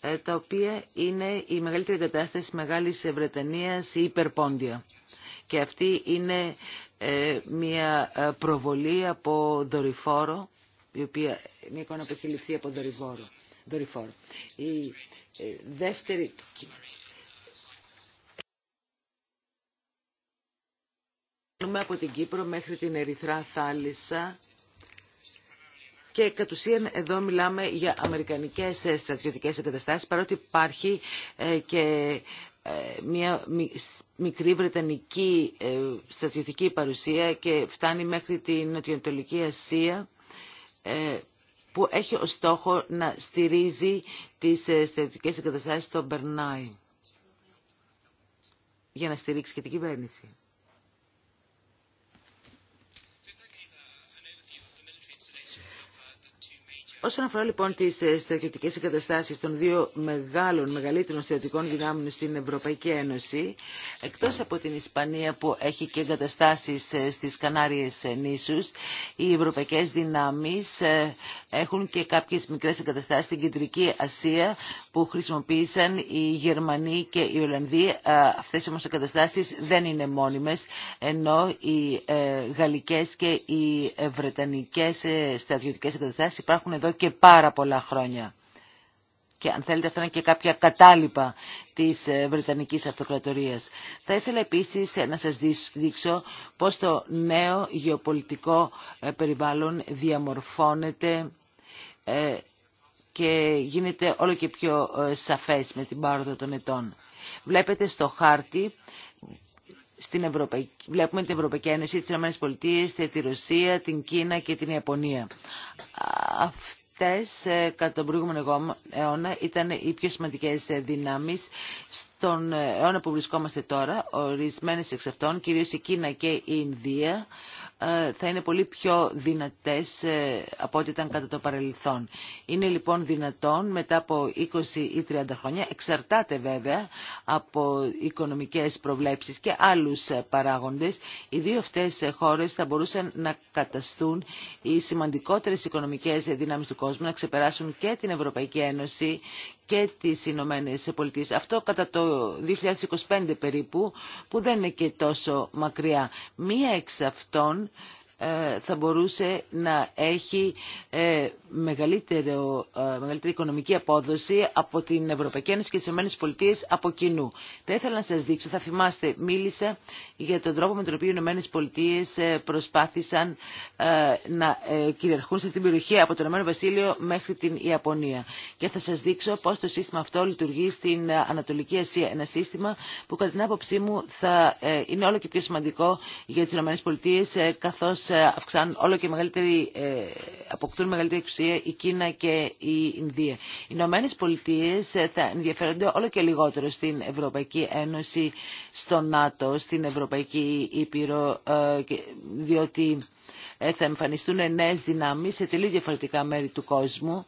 ε, τα οποία είναι η μεγαλύτερη κατάσταση Μεγάλης Βρετανίας, η υπερπόντια. Και αυτή είναι ε, μια προβολή από δορυφόρο, η οποία, μια εικόνα που έχει ληφθεί από δορυφόρο. Η δεύτερη από την Κύπρο μέχρι την Ερυθρά Θάλησα και κατ' ουσίαν εδώ μιλάμε για αμερικανικές ε, στρατιωτικές εγκαταστάσεις παρότι υπάρχει ε, και ε, μια μικρή βρετανική στρατιωτική παρουσία και φτάνει μέχρι την Νοτιοανατολική Ασία που έχει ως στόχο να στηρίζει τις στρατιωτικές εγκαταστάσεις στο Μπερνάι για να στηρίξει και την κυβέρνηση. Όσον αφορά λοιπόν τι ε, στρατιωτικέ εγκαταστάσει των δύο μεγάλων, μεγαλύτερων στρατιωτικών δυνάμεων στην Ευρωπαϊκή Ένωση, εκτό από την Ισπανία που έχει και εγκαταστάσει ε, στι Κανάριε ε, νήσου, οι ευρωπαϊκέ δυνάμει έχουν και κάποιε μικρέ εγκαταστάσει στην Κεντρική Ασία που χρησιμοποίησαν οι Γερμανοί και οι Ολλανδοί. Αυτέ όμω οι εγκαταστάσει δεν είναι μόνιμε, ενώ οι γαλλικέ και οι βρετανικέ στρατιωτικέ εγκαταστάσει υπάρχουν και πάρα πολλά χρόνια. Και αν θέλετε αυτό είναι και κάποια κατάλοιπα της ε, Βρετανικής Αυτοκρατορίας. Θα ήθελα επίσης ε, να σας δείξω πώς το νέο γεωπολιτικό ε, περιβάλλον διαμορφώνεται και γίνεται όλο και πιο σαφές με την πάροδο των ετών. Βλέπετε στο χάρτη στην Ευρωπαϊκή, βλέπουμε την Ευρωπαϊκή Ένωση, τις ΗΠΑ, τη Ρωσία, την Κίνα και την Ιαπωνία αυτές ε, κατά τον προηγούμενο αιώνα ήταν οι πιο σημαντικές ε, δυνάμεις στον ε, αιώνα που βρισκόμαστε τώρα, ορισμένες εξ αυτών, κυρίως η Κίνα και η Ινδία, ε, θα είναι πολύ πιο δυνατές ε, από ό,τι ήταν κατά το παρελθόν. Είναι λοιπόν δυνατόν μετά από 20 ή 30 χρόνια, εξαρτάται βέβαια από οικονομικές προβλέψεις και άλλους ε, παράγοντες, οι δύο αυτές χώρες θα μπορούσαν να καταστούν οι σημαντικότερες οικονομικές δυνάμεις του κόσμου, να ξεπεράσουν και την Ευρωπαϊκή Ένωση και τις Ηνωμένε Πολιτείε. Αυτό κατά το 2025 περίπου που δεν είναι και τόσο μακριά. Μία εξ αυτών ε, θα μπορούσε να έχει ε, ε, μεγαλύτερη οικονομική απόδοση από την Ευρωπαϊκή Ένωση και τις ΗΠΑ από κοινού. Θα ήθελα να σας δείξω, θα θυμάστε, μίλησα για τον τρόπο με τον οποίο οι ΗΠΑ προσπάθησαν να κυριαρχούν σε την περιοχή από το Ηνωμένο μέχρι την Ιαπωνία. Και θα σας δείξω πώς το σύστημα αυτό λειτουργεί στην Ανατολική Ασία. Ένα σύστημα που κατά την άποψή μου θα είναι όλο και πιο σημαντικό για τις ΗΠΑ καθώς αυξάνουν όλο και μεγαλύτερη, ε, αποκτούν μεγαλύτερη εξουσία η Κίνα και η Ινδία. Οι Ηνωμένε Πολιτείε ε, θα ενδιαφέρονται όλο και λιγότερο στην Ευρωπαϊκή Ένωση, στο ΝΑΤΟ, στην Ευρωπαϊκή Ήπειρο, ε, διότι θα εμφανιστούν νέε δυνάμει σε τελείω διαφορετικά μέρη του κόσμου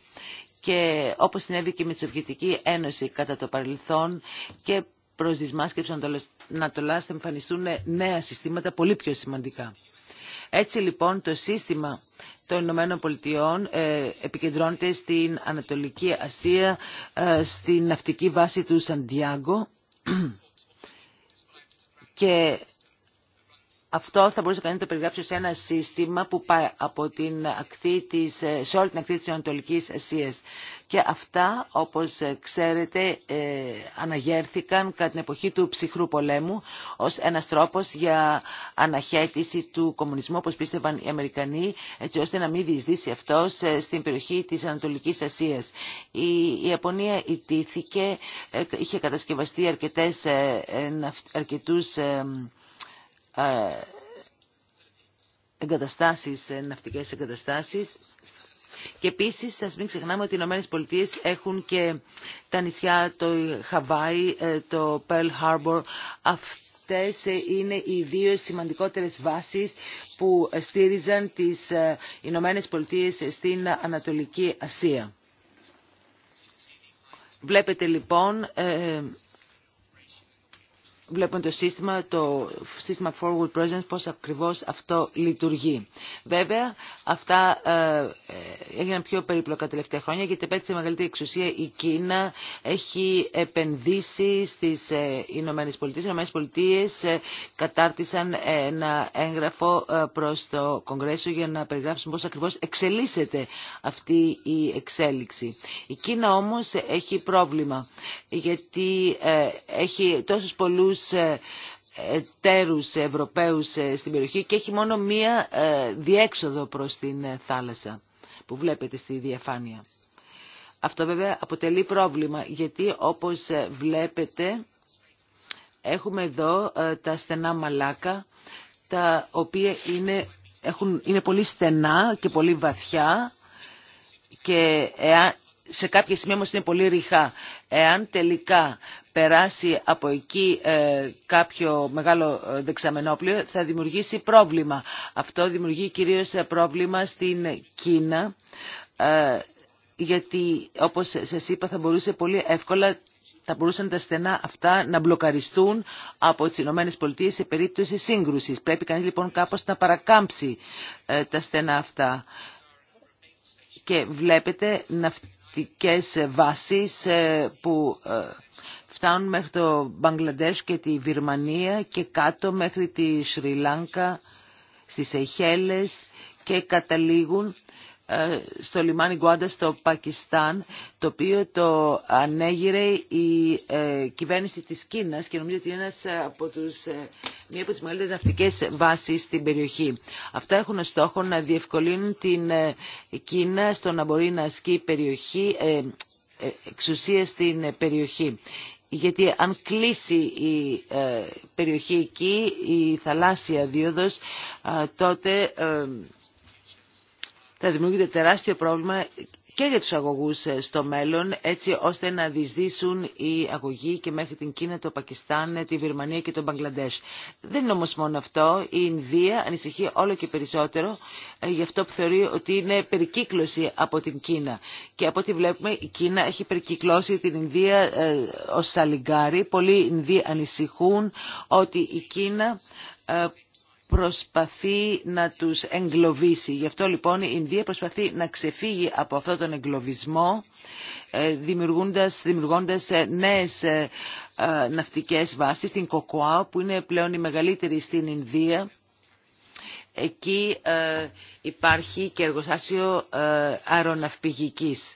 και όπω συνέβη και με τη Σοβιετική Ένωση κατά το παρελθόν και προς δυσμάσκεψη να το θα εμφανιστούν νέα συστήματα πολύ πιο σημαντικά. Έτσι λοιπόν το σύστημα των Ηνωμένων Πολιτειών ε, επικεντρώνεται στην Ανατολική Ασία, ε, στην ναυτική βάση του Σαντιάγκο και αυτό θα μπορούσε κανείς να το περιγράψει σε ένα σύστημα που πάει από την ακτή της, ε, σε όλη την ακτή της Ανατολικής Ασίας. Και αυτά, όπως ξέρετε, ε, αναγέρθηκαν κατά την εποχή του ψυχρού πολέμου ως ένας τρόπος για αναχέτηση του κομμουνισμού, όπως πίστευαν οι Αμερικανοί, έτσι ώστε να μην διεισδύσει αυτός ε, στην περιοχή της Ανατολικής Ασίας. Η Ιαπωνία ιτήθηκε, είχε κατασκευαστεί αρκετές, αρκετούς εγκαταστάσεις, ε, ναυτικές εγκαταστάσεις. Και επίσης, ας μην ξεχνάμε ότι οι Ηνωμένες Πολιτείες έχουν και τα νησιά, το Χαβάη, ε, το Pearl Harbor. Αυτές ε, είναι οι δύο σημαντικότερες βάσεις που στήριζαν τις Ηνωμένες Πολιτείες στην Ανατολική Ασία. Βλέπετε λοιπόν βλέπουμε το σύστημα, το σύστημα forward presence, πώς ακριβώς αυτό λειτουργεί. Βέβαια, αυτά ε, ε, έγιναν πιο περίπλοκα τελευταία χρόνια, γιατί επέτυχε μεγαλύτερη εξουσία η Κίνα, έχει επενδύσει στις ε, Ηνωμένες Πολιτείες. Οι Ηνωμένες Πολιτείες κατάρτισαν ένα έγγραφο προς το Κογκρέσιο για να περιγράψουν πώς ακριβώς εξελίσσεται αυτή η εξέλιξη. Η Κίνα όμως έχει πρόβλημα, γιατί έχει τόσους πολλούς τέρους ε, εταίρους Ευρωπαίους ε, στην περιοχή και έχει μόνο μία ε, διέξοδο προς την θάλασσα που βλέπετε στη διαφάνεια. Αυτό βέβαια αποτελεί πρόβλημα γιατί όπως βλέπετε έχουμε εδώ τα στενά μαλάκα τα οποία είναι, έχουν, είναι πολύ στενά και πολύ βαθιά και σε κάποια σημεία όμως είναι πολύ ρηχά. Εάν τελικά περάσει από εκεί ε, κάποιο μεγάλο ε, δεξαμενόπλιο θα δημιουργήσει πρόβλημα. Αυτό δημιουργεί κυρίως ε, πρόβλημα στην Κίνα γιατί όπως σας είπα θα μπορούσε πολύ εύκολα θα μπορούσαν τα στενά αυτά να μπλοκαριστούν από τις Ηνωμένες Πολιτείες σε περίπτωση σύγκρουσης. Πρέπει κανείς λοιπόν κάπως να παρακάμψει τα στενά αυτά. Και βλέπετε ναυτικές βάσεις που φτάνουν μέχρι το Μπαγκλαντές και τη Βυρμανία και κάτω μέχρι τη Σρι Λάνκα, στις Εχέλες και καταλήγουν ε, στο λιμάνι Γκουάντα στο Πακιστάν, το οποίο το ανέγειρε η ε, κυβέρνηση της Κίνας και νομίζω ότι είναι ένας ε, από τους, ε, μία από τις μεγαλύτερες ναυτικές βάσεις στην περιοχή. Αυτά έχουν στόχο να διευκολύνουν την ε, Κίνα στο να μπορεί να ασκεί περιοχή, εξουσία στην περιοχή γιατί αν κλείσει η ε, περιοχή εκεί, η θαλάσσια δίωδος, ε, τότε ε, θα δημιουργείται τεράστιο πρόβλημα και για τους αγωγούς ε, στο μέλλον, έτσι ώστε να διεισδύσουν οι αγωγοί και μέχρι την Κίνα, το Πακιστάν, ε, τη Βυρμανία και τον Μπαγκλαντές. Δεν είναι όμως μόνο αυτό. Η Ινδία ανησυχεί όλο και περισσότερο ε, για αυτό που θεωρεί ότι είναι περικύκλωση από την Κίνα. Και από ό,τι βλέπουμε η Κίνα έχει περικυκλώσει την Ινδία ε, ως σαλιγκάρι. Πολλοί Ινδοί ανησυχούν ότι η Κίνα προσπαθεί να τους εγκλωβίσει. Γι' αυτό λοιπόν η Ινδία προσπαθεί να ξεφύγει από αυτόν τον εγκλωβισμό ε, δημιουργώντας, δημιουργώντας ε, νέες ε, ναυτικές βάσεις στην Κοκοά που είναι πλέον η μεγαλύτερη στην Ινδία. Εκεί υπάρχει και εργοστάσιο αεροναυπηγικής.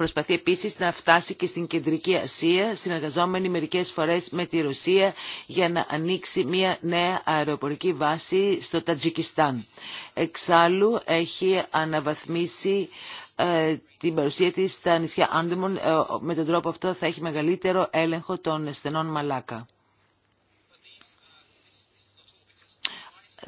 Προσπαθεί επίση να φτάσει και στην Κεντρική Ασία, συνεργαζόμενη μερικές φορέ με τη Ρωσία για να ανοίξει μια νέα αεροπορική βάση στο Τατζικιστάν. Εξάλλου έχει αναβαθμίσει ε, την παρουσία της στα νησιά Άντεμον. Ε, με τον τρόπο αυτό θα έχει μεγαλύτερο έλεγχο των στενών Μαλάκα.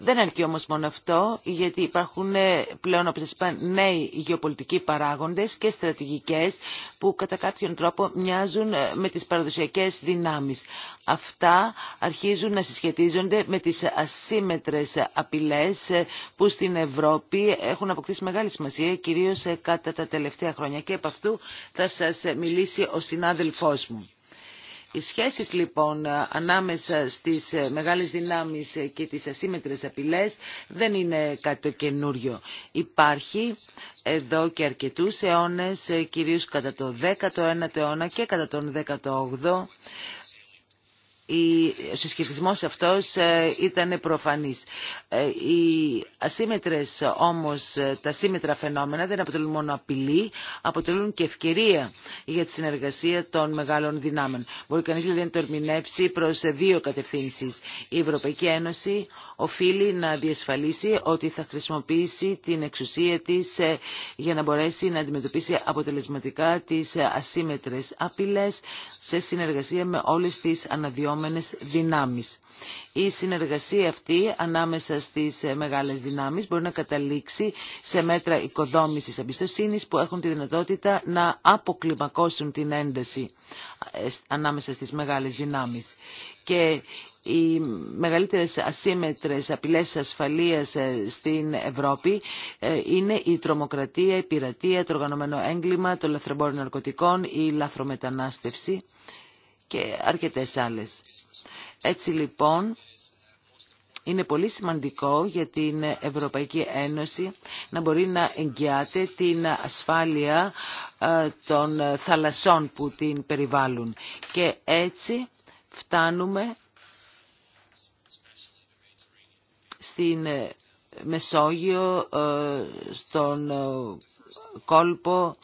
Δεν αρκεί όμως μόνο αυτό, γιατί υπάρχουν ε, πλέον όπως σας είπα, νέοι γεωπολιτικοί παράγοντες και στρατηγικές που κατά κάποιον τρόπο μοιάζουν ε, με τις παραδοσιακές δυνάμεις. Αυτά αρχίζουν να συσχετίζονται με τις ασύμετρες απειλές ε, που στην Ευρώπη έχουν αποκτήσει μεγάλη σημασία, κυρίως κατά τα τελευταία χρόνια. Και από αυτού θα σας μιλήσει ο συνάδελφός μου. Οι σχέσεις λοιπόν ανάμεσα στις ε, μεγάλες δυνάμεις ε, και τις ασύμετρες απειλές δεν είναι κάτι το καινούριο. Υπάρχει εδώ και αρκετούς αιώνες, ε, κυρίως κατά το 19ο αιώνα και κατά τον 18ο, ο συσχετισμός αυτός ε, ήταν προφανής. Ε, οι ασύμετρες όμως, ε, τα σύμμετρα φαινόμενα δεν αποτελούν μόνο απειλή, αποτελούν και ευκαιρία για τη συνεργασία των μεγάλων δυνάμεων. Μπορεί κανείς δηλαδή, να το ερμηνεύσει προς δύο κατευθύνσεις. Η Ευρωπαϊκή Ένωση οφείλει να διασφαλίσει ότι θα χρησιμοποιήσει την εξουσία της για να μπορέσει να αντιμετωπίσει αποτελεσματικά τις ασύμετρες απειλές σε συνεργασία με όλες τις αναδυόμενες δυνάμεις. Η συνεργασία αυτή ανάμεσα στις ε, μεγάλες δυνάμεις μπορεί να καταλήξει σε μέτρα οικοδόμησης εμπιστοσύνη που έχουν τη δυνατότητα να αποκλιμακώσουν την ένταση ε, ανάμεσα στις μεγάλες δυνάμεις. Και οι μεγαλύτερες ασύμετρες απειλές ασφαλείας ε, στην Ευρώπη είναι η τρομοκρατία, η πειρατεία, το οργανωμένο έγκλημα, το λαθρεμπόριο ναρκωτικών, η λαθρομετανάστευση και αρκετές άλλες. Έτσι λοιπόν είναι πολύ σημαντικό για την Ευρωπαϊκή Ένωση να μπορεί να εγγυάται την ασφάλεια ε, των θαλασσών που την περιβάλλουν. Και έτσι φτάνουμε στην ε, Μεσόγειο, ε, στον κόλπο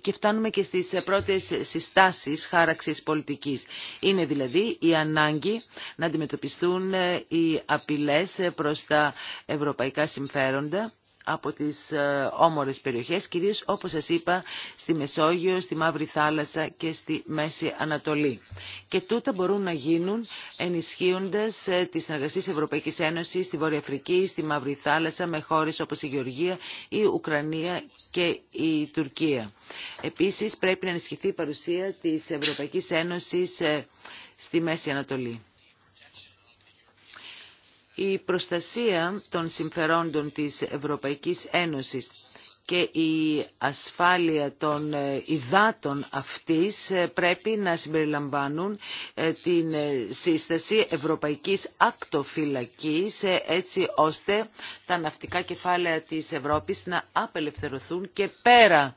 και φτάνουμε και στις ε, πρώτες συστάσεις χάραξης πολιτικής. Είναι δηλαδή η ανάγκη να αντιμετωπιστούν ε, οι απειλές ε, προς τα ευρωπαϊκά συμφέροντα από τις ε, όμορες περιοχές, κυρίως όπως σας είπα στη Μεσόγειο, στη Μαύρη Θάλασσα και στη Μέση Ανατολή. Και τούτα μπορούν να γίνουν ενισχύοντας ε, τη συνεργασία Ευρωπαϊκής Ένωσης στη Βόρεια Αφρική, στη Μαύρη Θάλασσα με χώρες όπως η Γεωργία, η Ουκρανία και η Τουρκία. Επίσης πρέπει να ενισχυθεί η παρουσία της Ευρωπαϊκής Ένωσης ε, στη Μέση Ανατολή η προστασία των συμφερόντων της Ευρωπαϊκής Ένωσης και η ασφάλεια των ε, υδάτων αυτής ε, πρέπει να συμπεριλαμβάνουν ε, την σύσταση Ευρωπαϊκής Ακτοφυλακής έτσι ώστε τα ναυτικά κεφάλαια της Ευρώπης να απελευθερωθούν και πέρα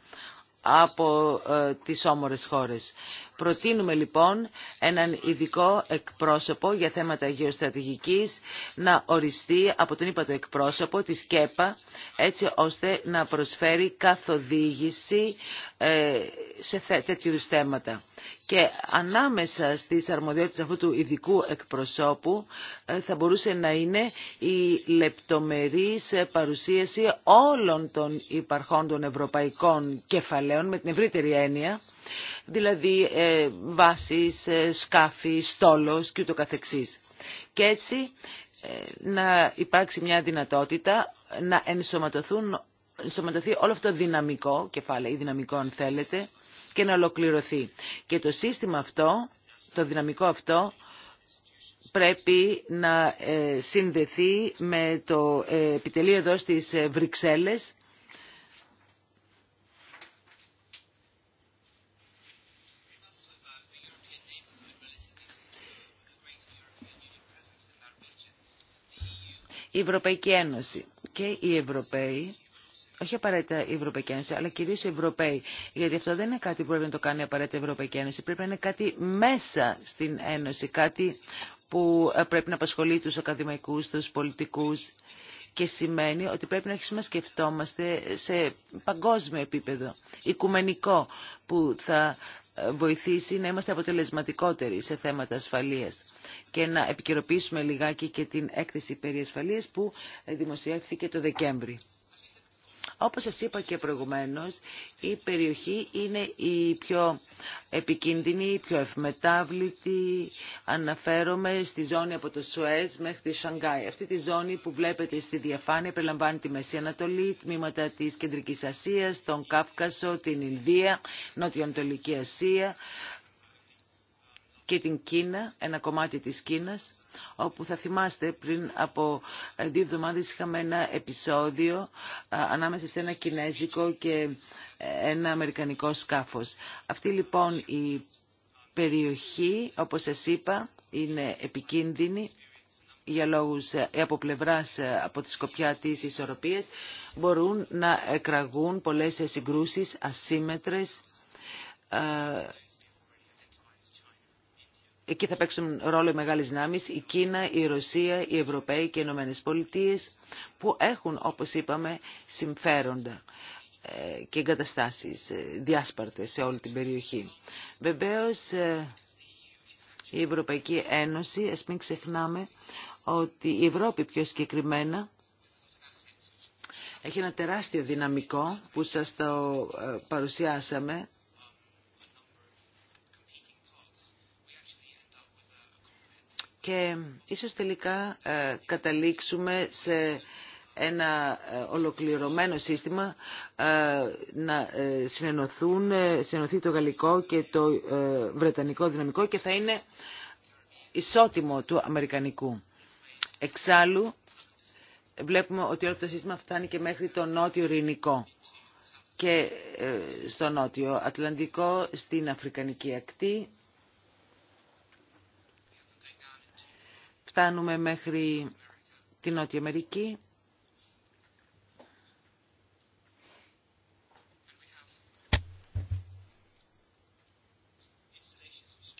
από ε, τις όμορες χώρες. Προτείνουμε λοιπόν έναν ειδικό εκπρόσωπο για θέματα γεωστρατηγικής να οριστεί από τον είπα εκπρόσωπο της ΚΕΠΑ έτσι ώστε να προσφέρει καθοδήγηση ε, σε τέτοιου θέματα. Και ανάμεσα στις αρμοδιότητες αυτού του ειδικού εκπροσώπου ε, θα μπορούσε να είναι η λεπτομερής ε, παρουσίαση όλων των υπαρχών των ευρωπαϊκών κεφαλαίων με την ευρύτερη έννοια, δηλαδή ε, βάσεις, σκάφη, στόλος και ούτω καθεξής. Και έτσι να υπάρξει μια δυνατότητα να ενσωματωθούν ενσωματωθεί όλο αυτό το δυναμικό κεφάλαιο ή δυναμικό αν θέλετε και να ολοκληρωθεί. Και το σύστημα αυτό, το δυναμικό αυτό, πρέπει να ε, συνδεθεί με το ε, επιτελείο εδώ στις ε, Βρυξέλλες η Ευρωπαϊκή Ένωση και οι Ευρωπαίοι όχι απαραίτητα η Ευρωπαϊκή Ένωση, αλλά κυρίω οι Ευρωπαίοι. Γιατί αυτό δεν είναι κάτι που πρέπει να το κάνει απαραίτητα η Ευρωπαϊκή Ένωση. Πρέπει να είναι κάτι μέσα στην Ένωση, κάτι που ε, πρέπει να απασχολεί του ακαδημαϊκού, του πολιτικού, και σημαίνει ότι πρέπει να αρχίσουμε να σκεφτόμαστε σε παγκόσμιο επίπεδο, οικουμενικό, που θα ε, βοηθήσει να είμαστε αποτελεσματικότεροι σε θέματα ασφαλείας και να επικαιροποιήσουμε λιγάκι και την έκθεση περί ασφαλείας που ε, δημοσιεύθηκε το Δεκέμβρη. Όπως σας είπα και προηγουμένως, η περιοχή είναι η πιο επικίνδυνη, η πιο ευμετάβλητη. Αναφέρομαι στη ζώνη από το Σουέζ μέχρι τη Σανγκάη. Αυτή τη ζώνη που βλέπετε στη διαφάνεια περιλαμβάνει τη Μεσή Ανατολή, τμήματα της Κεντρικής Ασίας, τον Κάφκασο, την Ινδία, Νότιο-Ανατολική Ασία, και την Κίνα, ένα κομμάτι της Κίνας, όπου θα θυμάστε πριν από ε, δύο εβδομάδες είχαμε ένα επεισόδιο ε, ανάμεσα σε ένα κινέζικο και ε, ένα αμερικανικό σκάφος. Αυτή λοιπόν η περιοχή, όπως σας είπα, είναι επικίνδυνη για λόγους από πλευράς από τη σκοπιά της ισορροπίας μπορούν να εκραγούν πολλές συγκρούσεις ασύμετρες Εκεί θα παίξουν ρόλο οι μεγάλες δυνάμεις, η Κίνα, η Ρωσία, οι Ευρωπαίοι και οι Ηνωμένε Πολιτείες που έχουν, όπως είπαμε, συμφέροντα ε, και εγκαταστάσει ε, διάσπαρτες σε όλη την περιοχή. Βεβαίω ε, η Ευρωπαϊκή Ένωση, α μην ξεχνάμε, ότι η Ευρώπη πιο συγκεκριμένα έχει ένα τεράστιο δυναμικό που σας το παρουσιάσαμε και ίσως τελικά ε, καταλήξουμε σε ένα ε, ολοκληρωμένο σύστημα ε, να συνενωθούν, συνενωθεί το γαλλικό και το βρετανικό δυναμικό και θα είναι ισότιμο του αμερικανικού. Εξάλλου βλέπουμε ότι όλο αυτό το σύστημα φτάνει και μέχρι το νότιο ειρηνικό και στο νότιο Ατλαντικό, στην Αφρικανική ακτή Φτάνουμε μέχρι την Νότια Αμερική.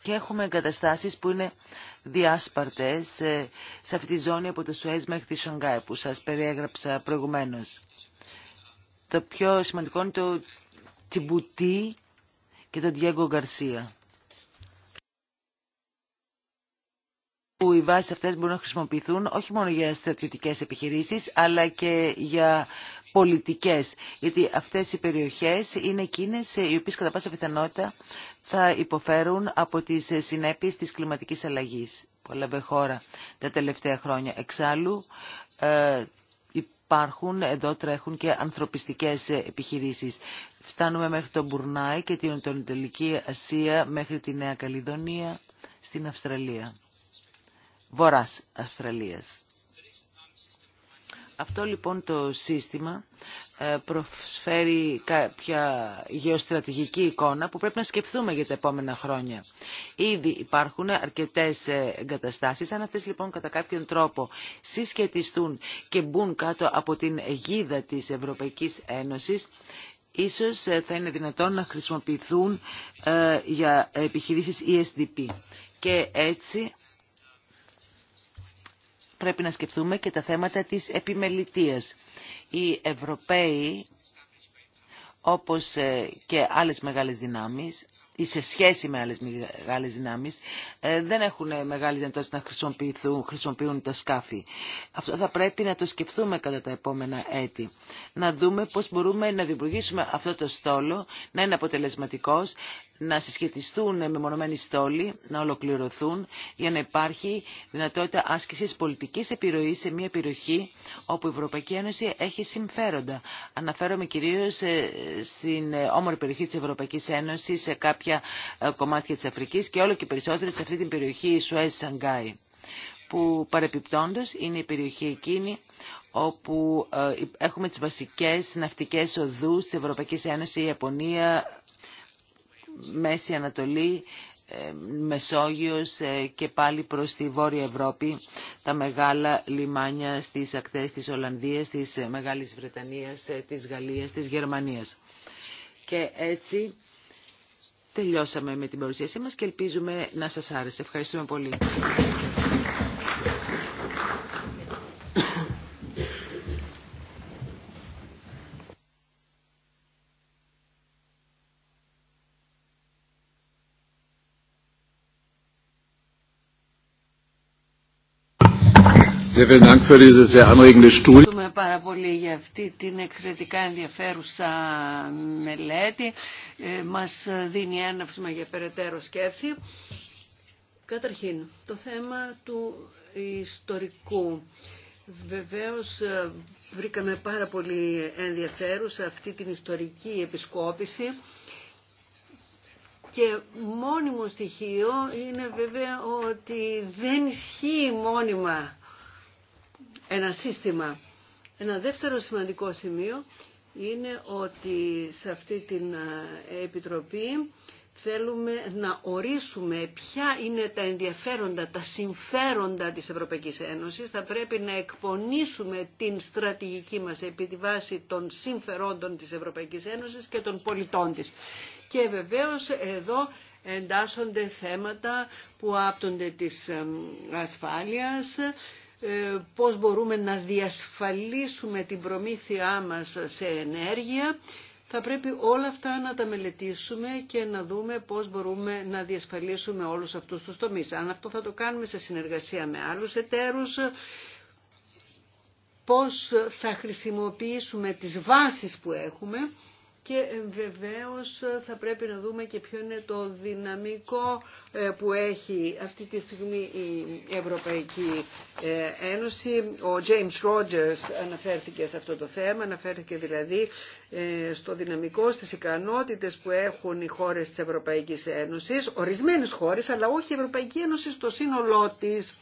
Και έχουμε εγκαταστάσεις που είναι διάσπαρτες ε, σε αυτή τη ζώνη από το Σουέζ μέχρι τη Σονγκάη που σας περιέγραψα προηγουμένως. Το πιο σημαντικό είναι το Τιμπουτί και το Διέγκο Γκαρσία. που οι βάσεις αυτές μπορούν να χρησιμοποιηθούν όχι μόνο για στρατιωτικές επιχειρήσεις αλλά και για πολιτικές. Γιατί αυτές οι περιοχές είναι εκείνες οι οποίες κατά πάσα πιθανότητα θα υποφέρουν από τις συνέπειες της κλιματικής αλλαγής που έλαβε χώρα τα τελευταία χρόνια. Εξάλλου ε, υπάρχουν, εδώ τρέχουν και ανθρωπιστικές επιχειρήσεις. Φτάνουμε μέχρι τον Μπουρνάι και την Ανατολική Ασία μέχρι τη Νέα Καλλιδονία στην Αυστραλία βορράς Αυστραλίας. Αυτό λοιπόν το σύστημα ε, προσφέρει κάποια γεωστρατηγική εικόνα που πρέπει να σκεφτούμε για τα επόμενα χρόνια. Ήδη υπάρχουν αρκετές ε, εγκαταστάσεις, αν αυτές λοιπόν κατά κάποιον τρόπο συσχετιστούν και μπουν κάτω από την αιγίδα της Ευρωπαϊκής Ένωσης, ίσως ε, θα είναι δυνατόν να χρησιμοποιηθούν για επιχειρήσεις ESDP. Και έτσι πρέπει να σκεφτούμε και τα θέματα της επιμελητίας. Οι Ευρωπαίοι, όπως ε, και άλλες μεγάλες δυνάμεις, ή σε σχέση με άλλες μεγάλες δυνάμεις, ε, δεν έχουν ε, μεγάλη δυνατότητα να χρησιμοποιηθούν, χρησιμοποιούν τα σκάφη. Αυτό θα πρέπει να το σκεφτούμε κατά τα επόμενα έτη. Να δούμε πώς μπορούμε να δημιουργήσουμε αυτό το στόλο, να είναι αποτελεσματικός, να συσχετιστούν με μονομένη στόλοι, να ολοκληρωθούν για να υπάρχει δυνατότητα άσκησης πολιτικής επιρροή... σε μια περιοχή όπου η Ευρωπαϊκή Ένωση έχει συμφέροντα. Αναφέρομαι κυρίως ε, στην ε, όμορφη περιοχή της Ευρωπαϊκής Ένωσης, σε κάποια ε, κομμάτια της Αφρικής και όλο και περισσότερο σε αυτή την περιοχή η Σουέζ Σανγκάη που παρεπιπτόντως είναι η περιοχή εκείνη όπου έχουμε τις βασικές ναυτικές οδούς της Ευρωπαϊκής Ένωσης, η Ιαπωνία, Μέση Ανατολή, ε, Μεσόγειος ε, και πάλι προς τη Βόρεια Ευρώπη, τα μεγάλα λιμάνια στις ακτές της Ολλανδίας, της Μεγάλης Βρετανίας, ε, της Γαλλίας, της Γερμανίας. Και έτσι τελειώσαμε με την παρουσίασή μας και ελπίζουμε να σας άρεσε. Ευχαριστούμε πολύ. Ευχαριστούμε πάρα πολύ για αυτή την εξαιρετικά ενδιαφέρουσα μελέτη. Ε, μας δίνει έναυσμα για περαιτέρω σκέψη. Καταρχήν, το θέμα του ιστορικού. Βεβαίως ε, βρήκαμε πάρα πολύ ενδιαφέρουσα αυτή την ιστορική επισκόπηση και μόνιμο στοιχείο είναι βέβαια ότι δεν ισχύει μόνιμα ένα σύστημα. Ένα δεύτερο σημαντικό σημείο είναι ότι σε αυτή την ε, Επιτροπή θέλουμε να ορίσουμε ποια είναι τα ενδιαφέροντα, τα συμφέροντα της Ευρωπαϊκής Ένωσης. Θα πρέπει να εκπονήσουμε την στρατηγική μας επί τη βάση των συμφερόντων της Ευρωπαϊκής Ένωσης και των πολιτών της. Και βεβαίως εδώ εντάσσονται θέματα που άπτονται της ε, ασφάλειας, ε, πώς μπορούμε να διασφαλίσουμε την προμήθειά μας σε ενέργεια. Θα πρέπει όλα αυτά να τα μελετήσουμε και να δούμε πώς μπορούμε να διασφαλίσουμε όλους αυτούς τους τομείς. Αν αυτό θα το κάνουμε σε συνεργασία με άλλους εταίρους, πώς θα χρησιμοποιήσουμε τις βάσεις που έχουμε και ε, βεβαίως θα πρέπει να δούμε και ποιο είναι το δυναμικό ε, που έχει αυτή τη στιγμή η Ευρωπαϊκή ε, Ένωση. Ο James Rogers αναφέρθηκε σε αυτό το θέμα, αναφέρθηκε δηλαδή στο δυναμικό, στις ικανότητες που έχουν οι χώρες της Ευρωπαϊκής Ένωσης, ορισμένες χώρες, αλλά όχι η Ευρωπαϊκή Ένωση στο σύνολό της.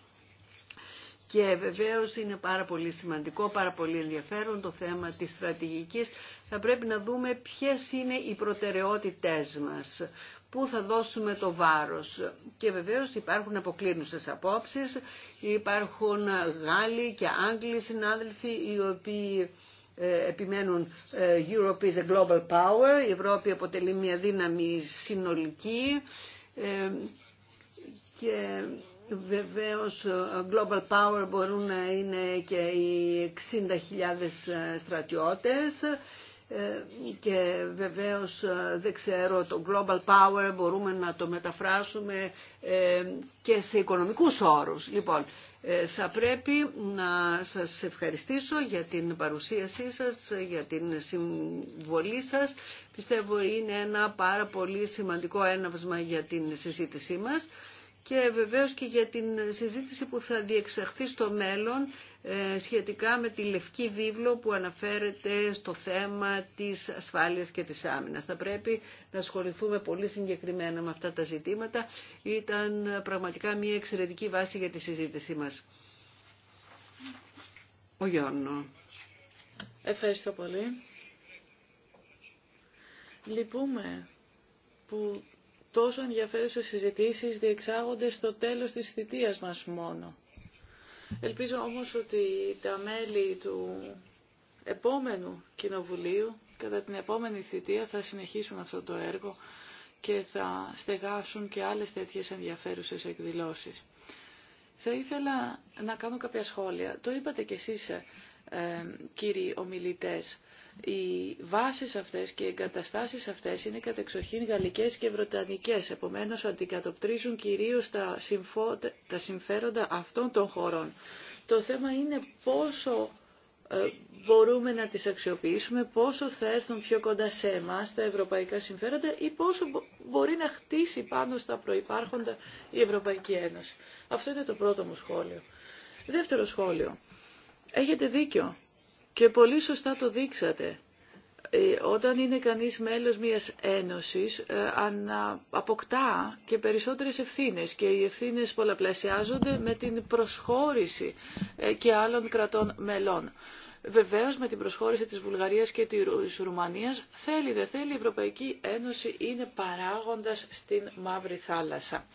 Και βεβαίως είναι πάρα πολύ σημαντικό, πάρα πολύ ενδιαφέρον το θέμα της στρατηγικής θα πρέπει να δούμε ποιες είναι οι προτεραιότητές μας, πού θα δώσουμε το βάρος. Και βεβαίως υπάρχουν αποκλίνουσες απόψεις, υπάρχουν Γάλλοι και Άγγλοι συνάδελφοι οι οποίοι ε, επιμένουν ε, Europe is a global power, η Ευρώπη αποτελεί μια δύναμη συνολική ε, και βεβαίως global power μπορούν να είναι και οι 60.000 στρατιώτες ε, και βεβαίως ε, δεν ξέρω το global power μπορούμε να το μεταφράσουμε ε, και σε οικονομικούς όρους. Λοιπόν, θα πρέπει να σας ευχαριστήσω για την παρουσίασή σας, για την συμβολή σας. Πιστεύω είναι ένα πάρα πολύ σημαντικό έναυσμα για την συζήτησή μας και βεβαίως και για την συζήτηση που θα διεξαχθεί στο μέλλον ε, σχετικά με τη λευκή βίβλο που αναφέρεται στο θέμα της ασφάλειας και της άμυνας. Θα πρέπει να ασχοληθούμε πολύ συγκεκριμένα με αυτά τα ζητήματα. Ήταν πραγματικά μια εξαιρετική βάση για τη συζήτησή μας. Ο Γιώργο. Ευχαριστώ πολύ. Λυπούμε που τόσο ενδιαφέρουσες συζητήσεις διεξάγονται στο τέλος της θητείας μας μόνο. Ελπίζω όμως ότι τα μέλη του επόμενου Κοινοβουλίου, κατά την επόμενη θητεία, θα συνεχίσουν αυτό το έργο και θα στεγάσουν και άλλες τέτοιες ενδιαφέρουσες εκδηλώσεις. Θα ήθελα να κάνω κάποια σχόλια. Το είπατε κι εσείς ε, κύριοι ομιλητές. Οι βάσεις αυτές και οι εγκαταστάσεις αυτές είναι κατεξοχήν γαλλικές και βρετανικές, επομένως αντικατοπτρίζουν κυρίως τα, συμφέροντα αυτών των χωρών. Το θέμα είναι πόσο ε, μπορούμε να τις αξιοποιήσουμε, πόσο θα έρθουν πιο κοντά σε εμάς τα ευρωπαϊκά συμφέροντα ή πόσο μπορεί να χτίσει πάνω στα προϋπάρχοντα η Ευρωπαϊκή Ένωση. Αυτό είναι το πρώτο μου σχόλιο. Δεύτερο σχόλιο. Έχετε δίκιο και πολύ σωστά το δείξατε. Ε, όταν είναι κανείς μέλος μιας ένωσης, ε, αποκτά και περισσότερες ευθύνες και οι ευθύνες πολλαπλασιάζονται με την προσχώρηση ε, και άλλων κρατών μελών. Βεβαίως με την προσχώρηση της Βουλγαρίας και της Ρουμανίας θέλει δεν θέλει η Ευρωπαϊκή Ένωση είναι παράγοντας στην Μαύρη Θάλασσα.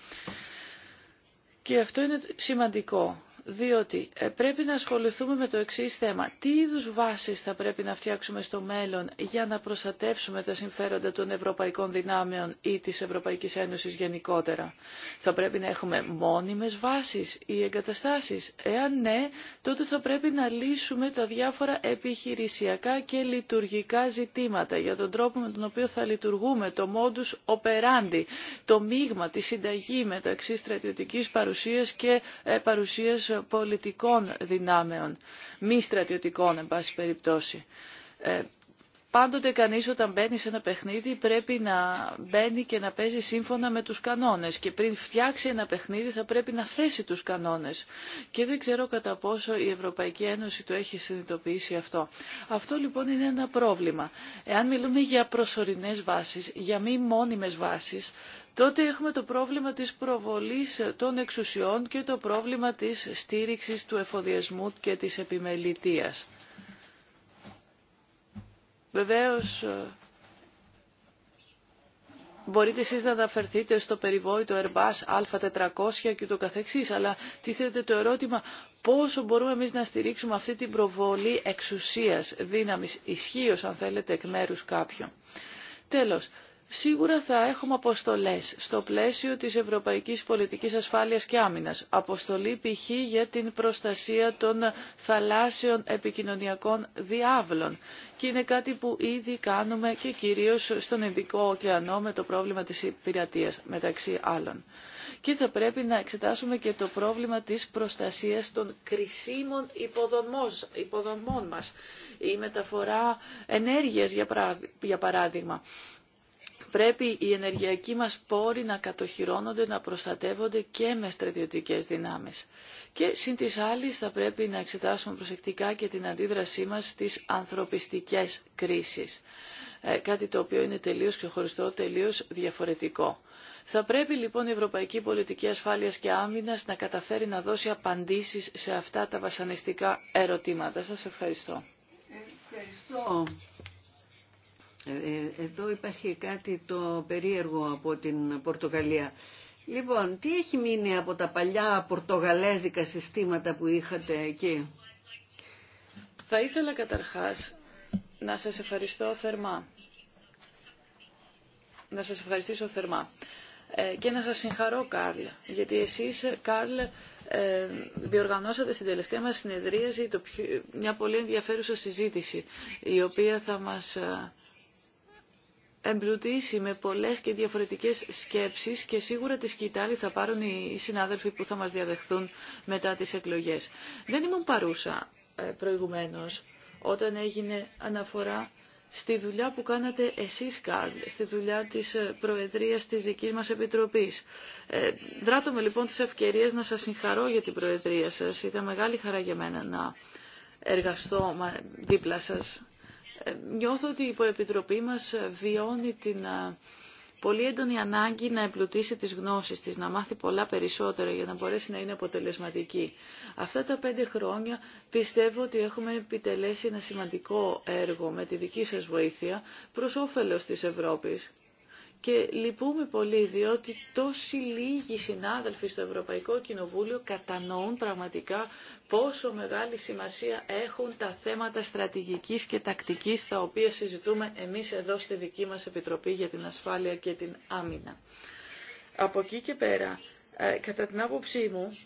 Και αυτό είναι σημαντικό διότι ε, πρέπει να ασχοληθούμε με το εξή θέμα. Τι είδου βάσει θα πρέπει να φτιάξουμε στο μέλλον για να προστατεύσουμε τα συμφέροντα των ευρωπαϊκών δυνάμεων ή τη Ευρωπαϊκή Ένωση γενικότερα. Θα πρέπει να έχουμε μόνιμε βάσει ή εγκαταστάσει. Εάν ναι, τότε θα πρέπει να λύσουμε τα διάφορα επιχειρησιακά και λειτουργικά ζητήματα για τον τρόπο με τον οποίο θα λειτουργούμε, το modus operandi, το μείγμα, τη συνταγή μεταξύ στρατιωτική παρουσία και ε, παρουσία πολιτικών δυνάμεων, μη στρατιωτικών, εν πάση περιπτώσει. Ε, Πάντοτε κανείς όταν μπαίνει σε ένα παιχνίδι πρέπει να μπαίνει και να παίζει σύμφωνα με τους κανόνες και πριν φτιάξει ένα παιχνίδι θα πρέπει να θέσει τους κανόνες. Και δεν ξέρω κατά πόσο η Ευρωπαϊκή Ένωση το έχει συνειδητοποιήσει αυτό. Αυτό λοιπόν είναι ένα πρόβλημα. Εάν μιλούμε για προσωρινές βάσεις, για μη μόνιμες βάσεις, τότε έχουμε το πρόβλημα της προβολής των εξουσιών και το πρόβλημα της στήριξης του εφοδιασμού και της επιμελητίας. Βεβαίως ε, μπορείτε εσείς να αναφερθείτε στο περιβόητο Airbus Α400 και το καθεξής, αλλά τίθεται το ερώτημα πόσο μπορούμε εμείς να στηρίξουμε αυτή την προβολή εξουσίας, δύναμης, ισχύω αν θέλετε εκ μέρους κάποιων. Τέλος, Σίγουρα θα έχουμε αποστολές στο πλαίσιο της Ευρωπαϊκής Πολιτικής Ασφάλειας και Άμυνας. Αποστολή π.χ. για την προστασία των θαλάσσιων επικοινωνιακών διάβλων. Και είναι κάτι που ήδη κάνουμε και κυρίως στον Ειδικό ωκεανό με το πρόβλημα της πειρατείας μεταξύ άλλων. Και θα πρέπει να εξετάσουμε και το πρόβλημα της προστασίας των κρισίμων υποδομών μας. Η μεταφορά ενέργειας για παράδειγμα πρέπει οι ενεργειακοί μας πόροι να κατοχυρώνονται, να προστατεύονται και με στρατιωτικές δυνάμεις. Και συν της άλλης θα πρέπει να εξετάσουμε προσεκτικά και την αντίδρασή μας στις ανθρωπιστικές κρίσεις. Ε, κάτι το οποίο είναι τελείως ξεχωριστό, τελείως διαφορετικό. Θα πρέπει λοιπόν η Ευρωπαϊκή Πολιτική Ασφάλειας και Άμυνας να καταφέρει να δώσει απαντήσεις σε αυτά τα βασανιστικά ερωτήματα. Σας Ευχαριστώ. Ε, εδώ υπάρχει κάτι το περίεργο από την Πορτογαλία. Λοιπόν, τι έχει μείνει από τα παλιά πορτογαλέζικα συστήματα που είχατε εκεί. Θα ήθελα καταρχάς να σας ευχαριστώ θερμά. Να σας ευχαριστήσω θερμά. Ε, και να σας συγχαρώ, Κάρλ, γιατί εσείς, Κάρλ, ε, διοργανώσατε στην τελευταία μας συνεδρίαση μια πολύ ενδιαφέρουσα συζήτηση, η οποία θα μας εμπλουτίσει με πολλές και διαφορετικές σκέψεις και σίγουρα τη σκητάλη θα πάρουν οι συνάδελφοι που θα μας διαδεχθούν μετά τις εκλογές. Δεν ήμουν παρούσα ε, προηγουμένως όταν έγινε αναφορά στη δουλειά που κάνατε εσείς, Καρλ, στη δουλειά της ε, Προεδρίας της δικής μας Επιτροπής. Ε, δράτω με λοιπόν τις ευκαιρίες να σας συγχαρώ για την Προεδρία σας. Ήταν μεγάλη χαρά για μένα να εργαστώ δίπλα σας Νιώθω ότι η υποεπιτροπή μας βιώνει την πολύ έντονη ανάγκη να εμπλουτίσει τις γνώσεις της, να μάθει πολλά περισσότερα για να μπορέσει να είναι αποτελεσματική. Αυτά τα πέντε χρόνια πιστεύω ότι έχουμε επιτελέσει ένα σημαντικό έργο με τη δική σας βοήθεια προς όφελος της Ευρώπης. Και λυπούμε πολύ διότι τόσοι λίγοι συνάδελφοι στο Ευρωπαϊκό Κοινοβούλιο κατανοούν πραγματικά πόσο μεγάλη σημασία έχουν τα θέματα στρατηγικής και τακτικής τα οποία συζητούμε εμείς εδώ στη δική μας Επιτροπή για την Ασφάλεια και την Άμυνα. Από εκεί και πέρα, ε, κατά την άποψή μου,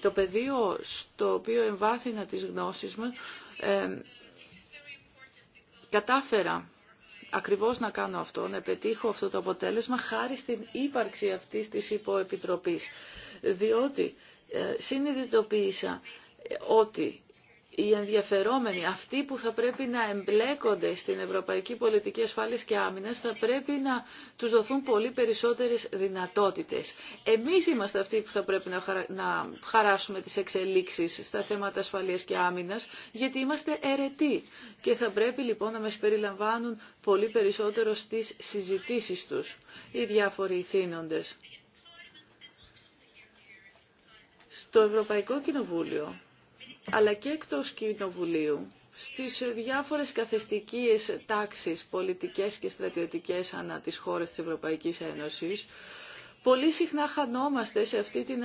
το πεδίο στο οποίο εμβάθυνα τις γνώσεις μου ε, κατάφερα ακριβώς να κάνω αυτό, να πετύχω αυτό το αποτέλεσμα χάρη στην ύπαρξη αυτής της υποεπιτροπής. Διότι ε, συνειδητοποίησα ότι οι ενδιαφερόμενοι, αυτοί που θα πρέπει να εμπλέκονται στην Ευρωπαϊκή Πολιτική Ασφάλειας και Άμυνας, θα πρέπει να τους δοθούν πολύ περισσότερες δυνατότητες. Εμείς είμαστε αυτοί που θα πρέπει να χαράσουμε τις εξελίξεις στα θέματα ασφαλείας και άμυνας, γιατί είμαστε αιρετοί και θα πρέπει λοιπόν να μας περιλαμβάνουν πολύ περισσότερο στις συζητήσεις τους οι διάφοροι ηθήνοντες. Στο Ευρωπαϊκό Κοινοβούλιο αλλά και εκτός Κοινοβουλίου στις διάφορες καθεστικίες τάξεις πολιτικές και στρατιωτικές ανά τις χώρες της Ευρωπαϊκής Ένωσης, πολύ συχνά χανόμαστε σε αυτή την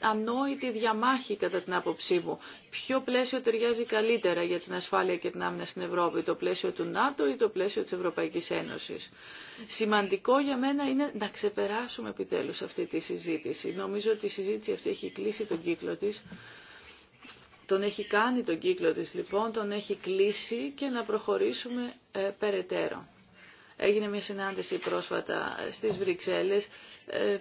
ανόητη διαμάχη κατά την άποψή μου. Ποιο πλαίσιο ταιριάζει καλύτερα για την ασφάλεια και την άμυνα στην Ευρώπη, το πλαίσιο του ΝΑΤΟ ή το πλαίσιο της Ευρωπαϊκής Ένωσης. Σημαντικό για μένα είναι να ξεπεράσουμε επιτέλους αυτή τη συζήτηση. Νομίζω ότι η συζήτηση αυτή έχει κλείσει τον κύκλο της τον έχει κάνει τον κύκλο της λοιπόν, τον έχει κλείσει και να προχωρήσουμε ε, περαιτέρω. Έγινε μια συνάντηση πρόσφατα ε, στις Βρυξέλλες ε,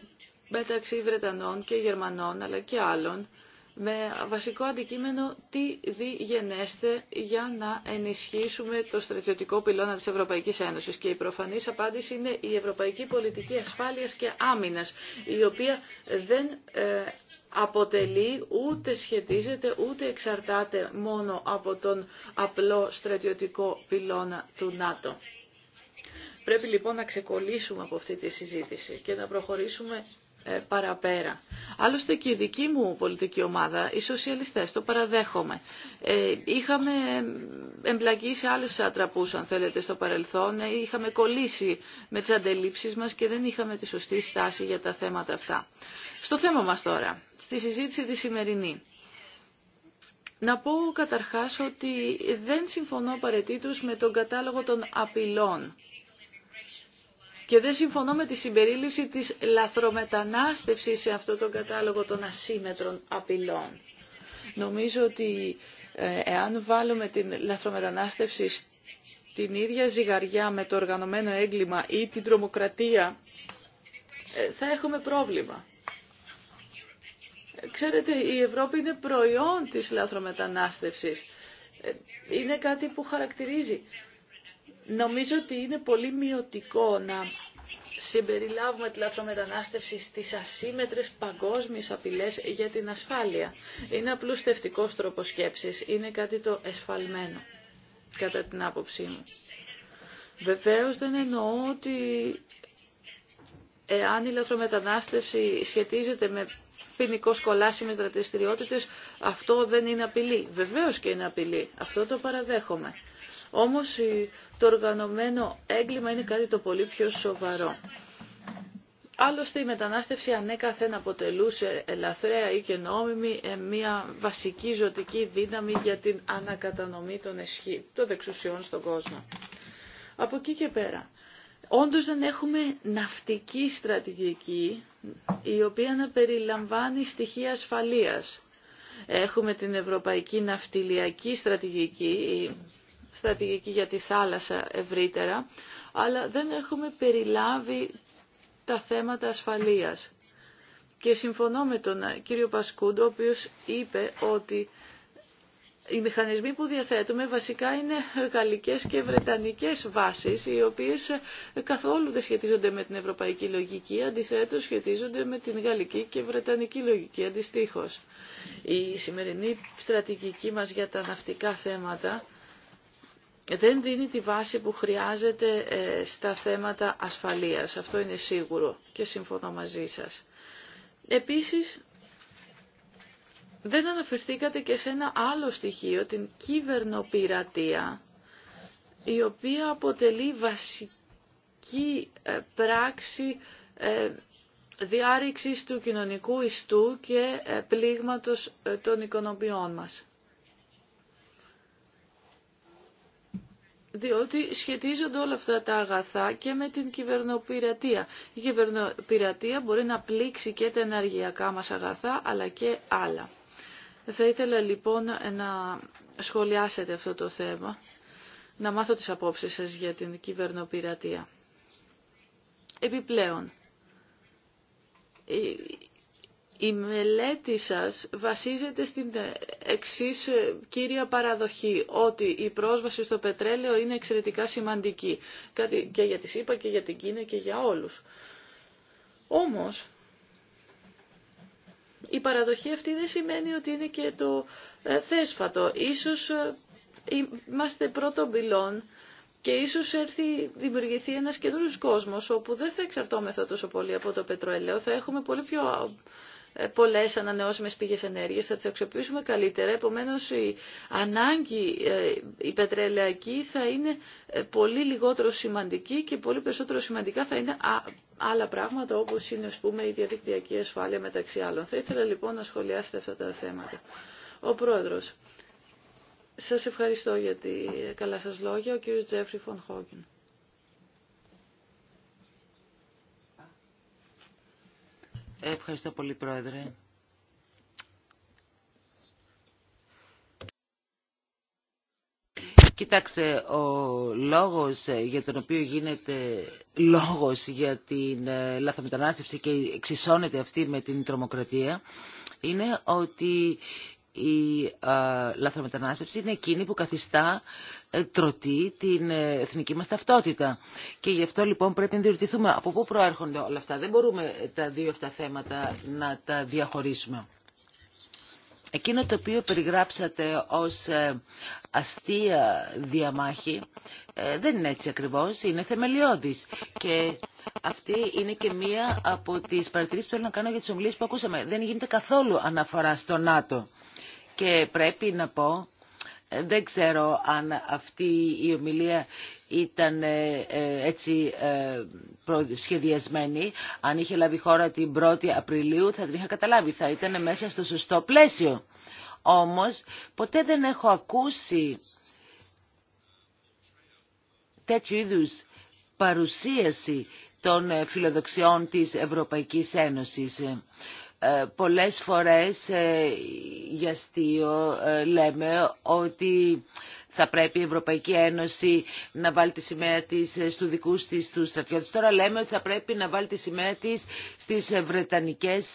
μεταξύ Βρετανών και Γερμανών αλλά και άλλων με βασικό αντικείμενο τι διγενέστε για να ενισχύσουμε το στρατιωτικό πυλώνα της Ευρωπαϊκής Ένωσης. Και η προφανής απάντηση είναι η Ευρωπαϊκή Πολιτική Ασφάλειας και Άμυνας, η οποία δεν ε, αποτελεί, ούτε σχετίζεται, ούτε εξαρτάται μόνο από τον απλό στρατιωτικό πυλώνα του ΝΑΤΟ. Πρέπει λοιπόν να ξεκολλήσουμε από αυτή τη συζήτηση και να προχωρήσουμε ε, παραπέρα. Άλλωστε και η δική μου πολιτική ομάδα, οι σοσιαλιστές, το παραδέχομαι. Ε, είχαμε εμπλακεί σε άλλες ατραπούς, αν θέλετε, στο παρελθόν. Ε, είχαμε κολλήσει με τις αντελήψεις μας και δεν είχαμε τη σωστή στάση για τα θέματα αυτά. Στο θέμα μας τώρα, στη συζήτηση τη σημερινή. Να πω καταρχάς ότι δεν συμφωνώ απαραίτητο με τον κατάλογο των απειλών και δεν συμφωνώ με τη συμπερίληψη της λαθρομετανάστευσης σε αυτό τον κατάλογο των ασύμετρων απειλών. Νομίζω ότι ε, εάν βάλουμε την λαθρομετανάστευση την ίδια ζυγαριά με το οργανωμένο έγκλημα ή την τρομοκρατία, ε, θα έχουμε πρόβλημα. Ξέρετε, η Ευρώπη είναι προϊόν της λαθρομετανάστευσης. Ε, είναι κάτι που χαρακτηρίζει Νομίζω ότι είναι πολύ μειωτικό να συμπεριλάβουμε τη λαθρομετανάστευση στις ασύμετρες παγκόσμιες απειλές για την ασφάλεια. Είναι απλούστευτικός τρόπος σκέψης. Είναι κάτι το εσφαλμένο, κατά την άποψή μου. Βεβαίως δεν εννοώ ότι εάν η λαθρομετανάστευση σχετίζεται με ποινικό κολάσιμε δραστηριότητε, αυτό δεν είναι απειλή. Βεβαίω και είναι απειλή. Αυτό το παραδέχομαι. Όμως το οργανωμένο έγκλημα είναι κάτι το πολύ πιο σοβαρό. Άλλωστε η μετανάστευση ανέκαθεν αποτελούσε ελαθρέα ή και νόμιμη ε, μια βασική ζωτική δύναμη για την ανακατανομή των εσχή, των δεξουσιών στον κόσμο. Από εκεί και πέρα, όντως δεν έχουμε ναυτική στρατηγική η οποία να περιλαμβάνει στοιχεία ασφαλείας. Έχουμε την Ευρωπαϊκή Ναυτιλιακή Στρατηγική, στρατηγική για τη θάλασσα ευρύτερα, αλλά δεν έχουμε περιλάβει τα θέματα ασφαλείας. Και συμφωνώ με τον κύριο Πασκούντο, ο οποίος είπε ότι οι μηχανισμοί που διαθέτουμε βασικά είναι γαλλικές και βρετανικές βάσεις, οι οποίες καθόλου δεν σχετίζονται με την ευρωπαϊκή λογική, αντιθέτως σχετίζονται με την γαλλική και βρετανική λογική αντιστοίχως. Η σημερινή στρατηγική μας για τα ναυτικά θέματα δεν δίνει τη βάση που χρειάζεται ε, στα θέματα ασφαλείας. Αυτό είναι σίγουρο και συμφωνώ μαζί σας. Επίσης, δεν αναφερθήκατε και σε ένα άλλο στοιχείο, την κυβερνοπειρατεία, η οποία αποτελεί βασική ε, πράξη ε, διάρρηξης του κοινωνικού ιστού και πλήγματος των οικονομιών μας. διότι σχετίζονται όλα αυτά τα αγαθά και με την κυβερνοπειρατεία. Η κυβερνοπειρατεία μπορεί να πλήξει και τα ενεργειακά μας αγαθά, αλλά και άλλα. Θα ήθελα λοιπόν να σχολιάσετε αυτό το θέμα, να μάθω τις απόψεις σας για την κυβερνοπειρατεία. Επιπλέον, η μελέτη σας βασίζεται στην εξής ε, κύρια παραδοχή, ότι η πρόσβαση στο πετρέλαιο είναι εξαιρετικά σημαντική, κάτι και για τη ΣΥΠΑ και για την Κίνα και για όλους. Όμως, η παραδοχή αυτή δεν σημαίνει ότι είναι και το ε, θέσφατο. Ίσως ε, είμαστε πρώτον πυλών και ίσως έρθει, δημιουργηθεί ένας καινούριος κόσμος όπου δεν θα εξαρτώμεθα τόσο πολύ από το πετρέλαιο, θα έχουμε πολύ πιο ε, πολλές ανανεώσιμες πηγές ενέργειας, θα τις αξιοποιήσουμε καλύτερα. Επομένως η ανάγκη ε, η πετρελαϊκή θα είναι ε, πολύ λιγότερο σημαντική και πολύ περισσότερο σημαντικά θα είναι άλλα πράγματα όπως είναι ας πούμε, η διαδικτυακή ασφάλεια μεταξύ άλλων. Θα ήθελα λοιπόν να σχολιάσετε αυτά τα θέματα. Ο Πρόεδρος, σας ευχαριστώ για τη καλά σας λόγια, ο κύριος Τζέφρι Φον Χόγκιν. Ευχαριστώ πολύ, Πρόεδρε. Κοιτάξτε, ο λόγος για τον οποίο γίνεται λόγος για την ε, λαθομετανάστευση και εξισώνεται αυτή με την τρομοκρατία είναι ότι η ε, λαθρομετανάστευση είναι εκείνη που καθιστά ε, τροτή την ε, εθνική μας ταυτότητα. Και γι' αυτό λοιπόν πρέπει να διορτηθούμε από πού προέρχονται όλα αυτά. Δεν μπορούμε ε, τα δύο αυτά θέματα να τα διαχωρίσουμε. Εκείνο το οποίο περιγράψατε ως αστεία διαμάχη δεν είναι έτσι ακριβώς, είναι θεμελιώδης. Και αυτή είναι και μία από τις παρατηρήσεις που θέλω να κάνω για τις ομιλίες που ακούσαμε. Δεν γίνεται καθόλου αναφορά στο ΝΑΤΟ. Και πρέπει να πω δεν ξέρω αν αυτή η ομιλία ήταν ε, ε, έτσι ε, σχεδιασμένη. Αν είχε λάβει χώρα την 1η Απριλίου θα την είχα καταλάβει. Θα ήταν μέσα στο σωστό πλαίσιο. Όμως ποτέ δεν έχω ακούσει τέτοιου είδους παρουσίαση των φιλοδοξιών της Ευρωπαϊκής Ένωσης. Ε, πολλές φορές ε, για αστείο ε, λέμε ότι θα πρέπει η Ευρωπαϊκή Ένωση να βάλει τη σημαία της στους δικούς της τους στρατιώτες. Τώρα λέμε ότι θα πρέπει να βάλει τη σημαία της στις Βρετανικές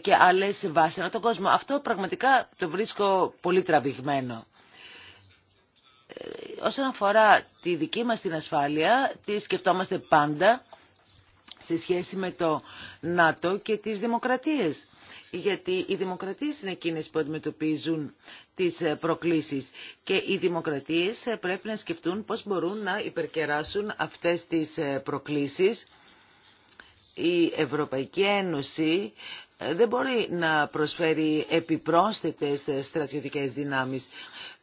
και άλλες βάσεις ανά τον κόσμο. Αυτό πραγματικά το βρίσκω πολύ τραβηγμένο. Όσον αφορά τη δική μας την ασφάλεια, τη σκεφτόμαστε πάντα σε σχέση με το ΝΑΤΟ και τις δημοκρατίες. Γιατί οι δημοκρατίες είναι εκείνες που αντιμετωπίζουν τις ε, προκλήσεις και οι δημοκρατίες ε, πρέπει να σκεφτούν πώς μπορούν να υπερκεράσουν αυτές τις ε, προκλήσεις. Η Ευρωπαϊκή Ένωση δεν μπορεί να προσφέρει επιπρόσθετες στρατιωτικές δυνάμεις.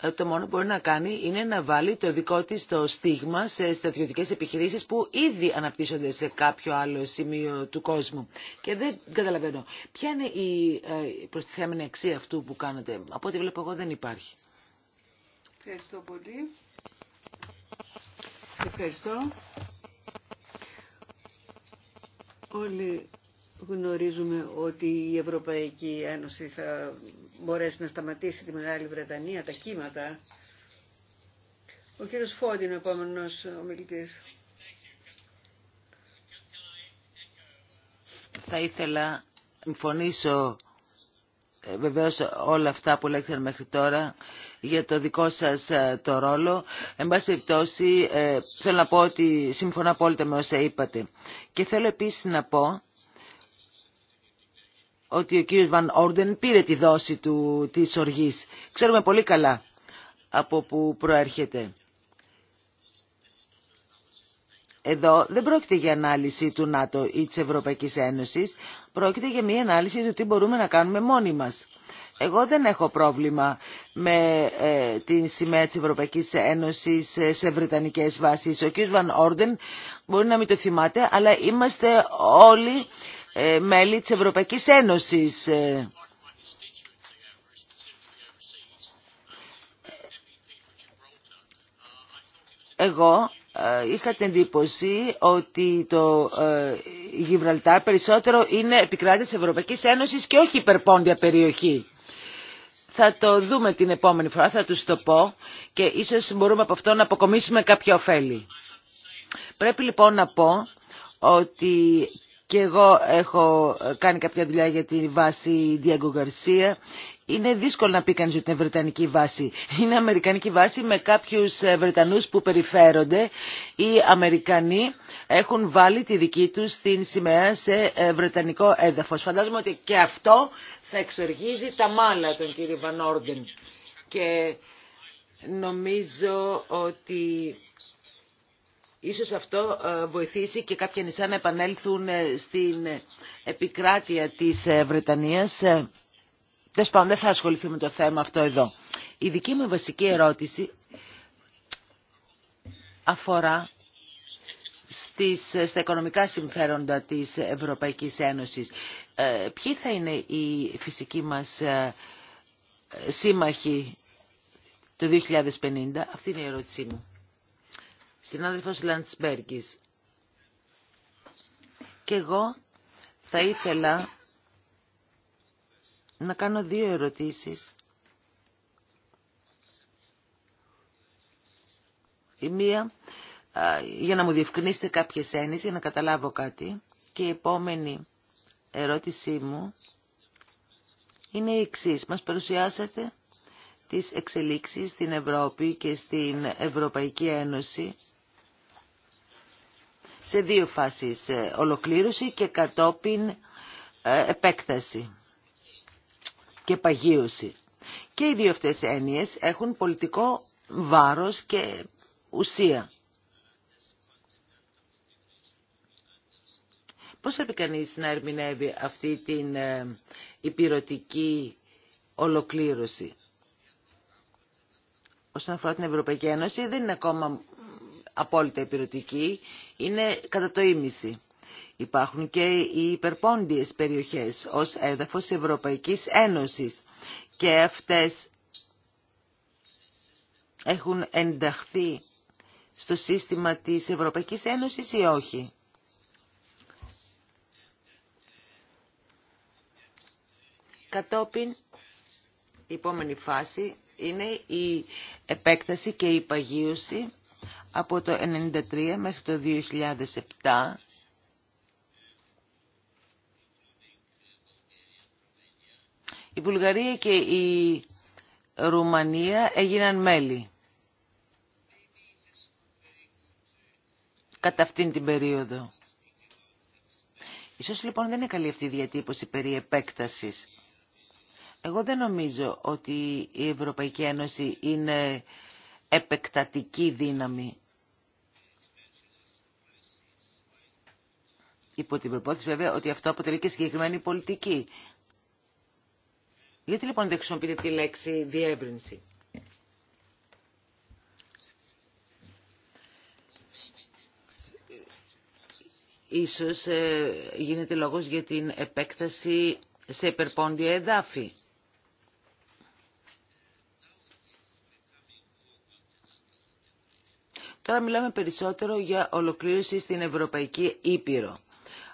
Ε, το μόνο που μπορεί να κάνει είναι να βάλει το δικό της το στίγμα σε στρατιωτικές επιχειρήσεις που ήδη αναπτύσσονται σε κάποιο άλλο σημείο του κόσμου. Και δεν καταλαβαίνω. Ποια είναι η ε, προστιθέμενη αξία αυτού που κάνετε. Από ό,τι βλέπω εγώ δεν υπάρχει. Ευχαριστώ πολύ. Ευχαριστώ. Όλοι γνωρίζουμε ότι η Ευρωπαϊκή Ένωση θα μπορέσει να σταματήσει τη Μεγάλη Βρετανία, τα κύματα. Ο κύριος Φόντιν, ο επόμενος ομιλητής. Θα ήθελα να εμφωνήσω ε, βεβαίως όλα αυτά που λέξαμε μέχρι τώρα για το δικό σας ε, το ρόλο. Εν πάση περιπτώσει ε, θέλω να πω ότι συμφωνώ απόλυτα με όσα είπατε. Και θέλω επίσης να πω ότι ο κύριος Βαν Όρντεν πήρε τη δόση του, της οργής. Ξέρουμε πολύ καλά από που προέρχεται. Εδώ δεν πρόκειται για ανάλυση του ΝΑΤΟ ή της Ευρωπαϊκής Ένωσης, πρόκειται για μια ανάλυση του τι μπορούμε να κάνουμε μόνοι μας. Εγώ δεν έχω πρόβλημα με τη ε, την σημαία της Ευρωπαϊκής Ένωσης ε, σε βρετανικές βάσεις. Ο κ. Βαν Όρντεν μπορεί να μην το θυμάται, αλλά είμαστε όλοι ε, μέλη της Ευρωπαϊκής Ένωσης. Ε, εγώ ε, είχα την εντύπωση ότι το Γιβραλτάρ περισσότερο είναι επικράτη της Ευρωπαϊκής Ένωσης και όχι υπερπόντια περιοχή. Θα το δούμε την επόμενη φορά, θα τους το πω και ίσως μπορούμε από αυτό να αποκομίσουμε κάποια ωφέλη. Πρέπει λοιπόν να πω ότι και εγώ έχω ε, κάνει κάποια δουλειά για τη βάση Diego Garcia. Είναι δύσκολο να πει κανείς ότι είναι Βρετανική βάση. Είναι Αμερικανική βάση με κάποιους ε, Βρετανούς που περιφέρονται. Οι Αμερικανοί έχουν βάλει τη δική τους την σημαία σε ε, Βρετανικό έδαφος. Φαντάζομαι ότι και αυτό θα εξοργίζει τα μάλα των κύριο Βανόρντεν. Και νομίζω ότι Ίσως αυτό ε, βοηθήσει και κάποια νησιά να επανέλθουν ε, στην ε, επικράτεια της Βρετανίας. Τέλο πάνω, δεν θα ασχοληθούμε με το θέμα αυτό εδώ. Η δική μου βασική ερώτηση αφορά στις, στα οικονομικά συμφέροντα της Ευρωπαϊκής Ένωσης. ποιοι θα είναι οι φυσικοί μας σύμμαχοι το 2050. Αυτή είναι η ερώτησή μου συνάδελφος Λαντσμπέργκης. Και εγώ θα ήθελα να κάνω δύο ερωτήσεις. Η μία για να μου διευκρινίσετε κάποιες έννοιες, για να καταλάβω κάτι. Και η επόμενη ερώτησή μου είναι η εξής. Μας παρουσιάσατε τις εξελίξεις στην Ευρώπη και στην Ευρωπαϊκή Ένωση σε δύο φάσεις ολοκλήρωση και κατόπιν ε, επέκταση και παγίωση. Και οι δύο αυτές έννοιες έχουν πολιτικό βάρος και ουσία. Πώς πρέπει κανείς να ερμηνεύει αυτή την ε, υπηρετική ολοκλήρωση. Όσον αφορά την Ευρωπαϊκή Ένωση δεν είναι ακόμα απόλυτα υπηρετική είναι κατά το ίμιση. Υπάρχουν και οι υπερπόντιες περιοχές ως έδαφος Ευρωπαϊκής Ένωσης και αυτές έχουν ενταχθεί στο σύστημα της Ευρωπαϊκής Ένωσης ή όχι. Κατόπιν, η επόμενη φάση είναι η επέκταση και η παγίωση από το 1993 μέχρι το 2007 η Βουλγαρία και η Ρουμανία έγιναν μέλη κατά αυτήν την περίοδο. Ίσως λοιπόν δεν είναι καλή αυτή η διατύπωση περί επέκτασης. Εγώ δεν νομίζω ότι η Ευρωπαϊκή Ένωση είναι επεκτατική δύναμη. Υπό την προπόθεση βέβαια ότι αυτό αποτελεί και συγκεκριμένη πολιτική. Γιατί λοιπόν δεν χρησιμοποιείτε τη λέξη διεύρυνση. Ίσως ε, γίνεται λόγος για την επέκταση σε υπερπόντια εδάφη. Τώρα μιλάμε περισσότερο για ολοκλήρωση στην Ευρωπαϊκή Ήπειρο.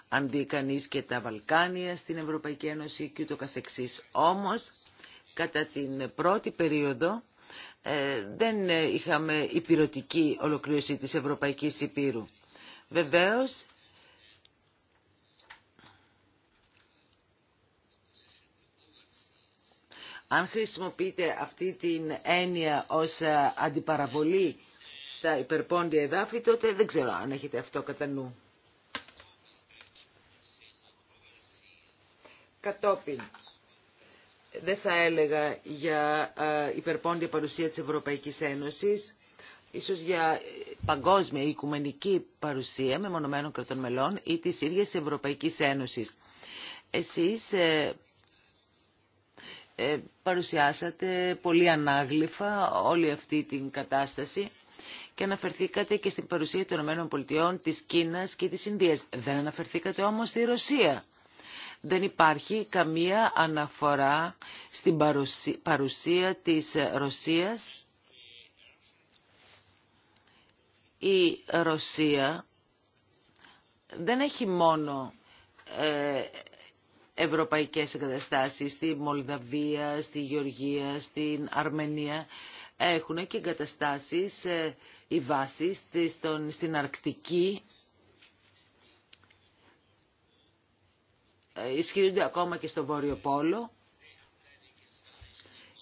Αν δει κανεί και τα Βαλκάνια στην Ευρωπαϊκή Ένωση και ούτω καθεξής. Όμως, κατά την πρώτη περίοδο ε, δεν ε, είχαμε υπηρετική ολοκλήρωση της Ευρωπαϊκής Ήπειρου. Βεβαίως, αν χρησιμοποιείτε αυτή την έννοια ως ε, αντιπαραβολή στα υπερπόντια εδάφη, τότε δεν ξέρω αν έχετε αυτό κατά νου. Κατόπιν, δεν θα έλεγα για υπερπόντια παρουσία της Ευρωπαϊκής Ένωσης, ίσως για παγκόσμια οικουμενική παρουσία με μεμονωμένων κρατών μελών ή της ίδιας Ευρωπαϊκής Ένωσης. Εσείς ε, ε, παρουσιάσατε πολύ ανάγλυφα όλη αυτή την κατάσταση και αναφερθήκατε και στην παρουσία των ΗΠΑ, της Κίνας και της Ινδίας. Δεν αναφερθήκατε όμως στη Ρωσία. Δεν υπάρχει καμία αναφορά στην παρουσία της Ρωσίας. Η Ρωσία δεν έχει μόνο ε, ευρωπαϊκές εγκαταστάσεις στη Μολδαβία, στη Γεωργία, στην Αρμενία έχουν και εγκαταστάσεις, ε, οι βάσεις στην Αρκτική, ε, ισχυρίζονται ακόμα και στο Βόρειο Πόλο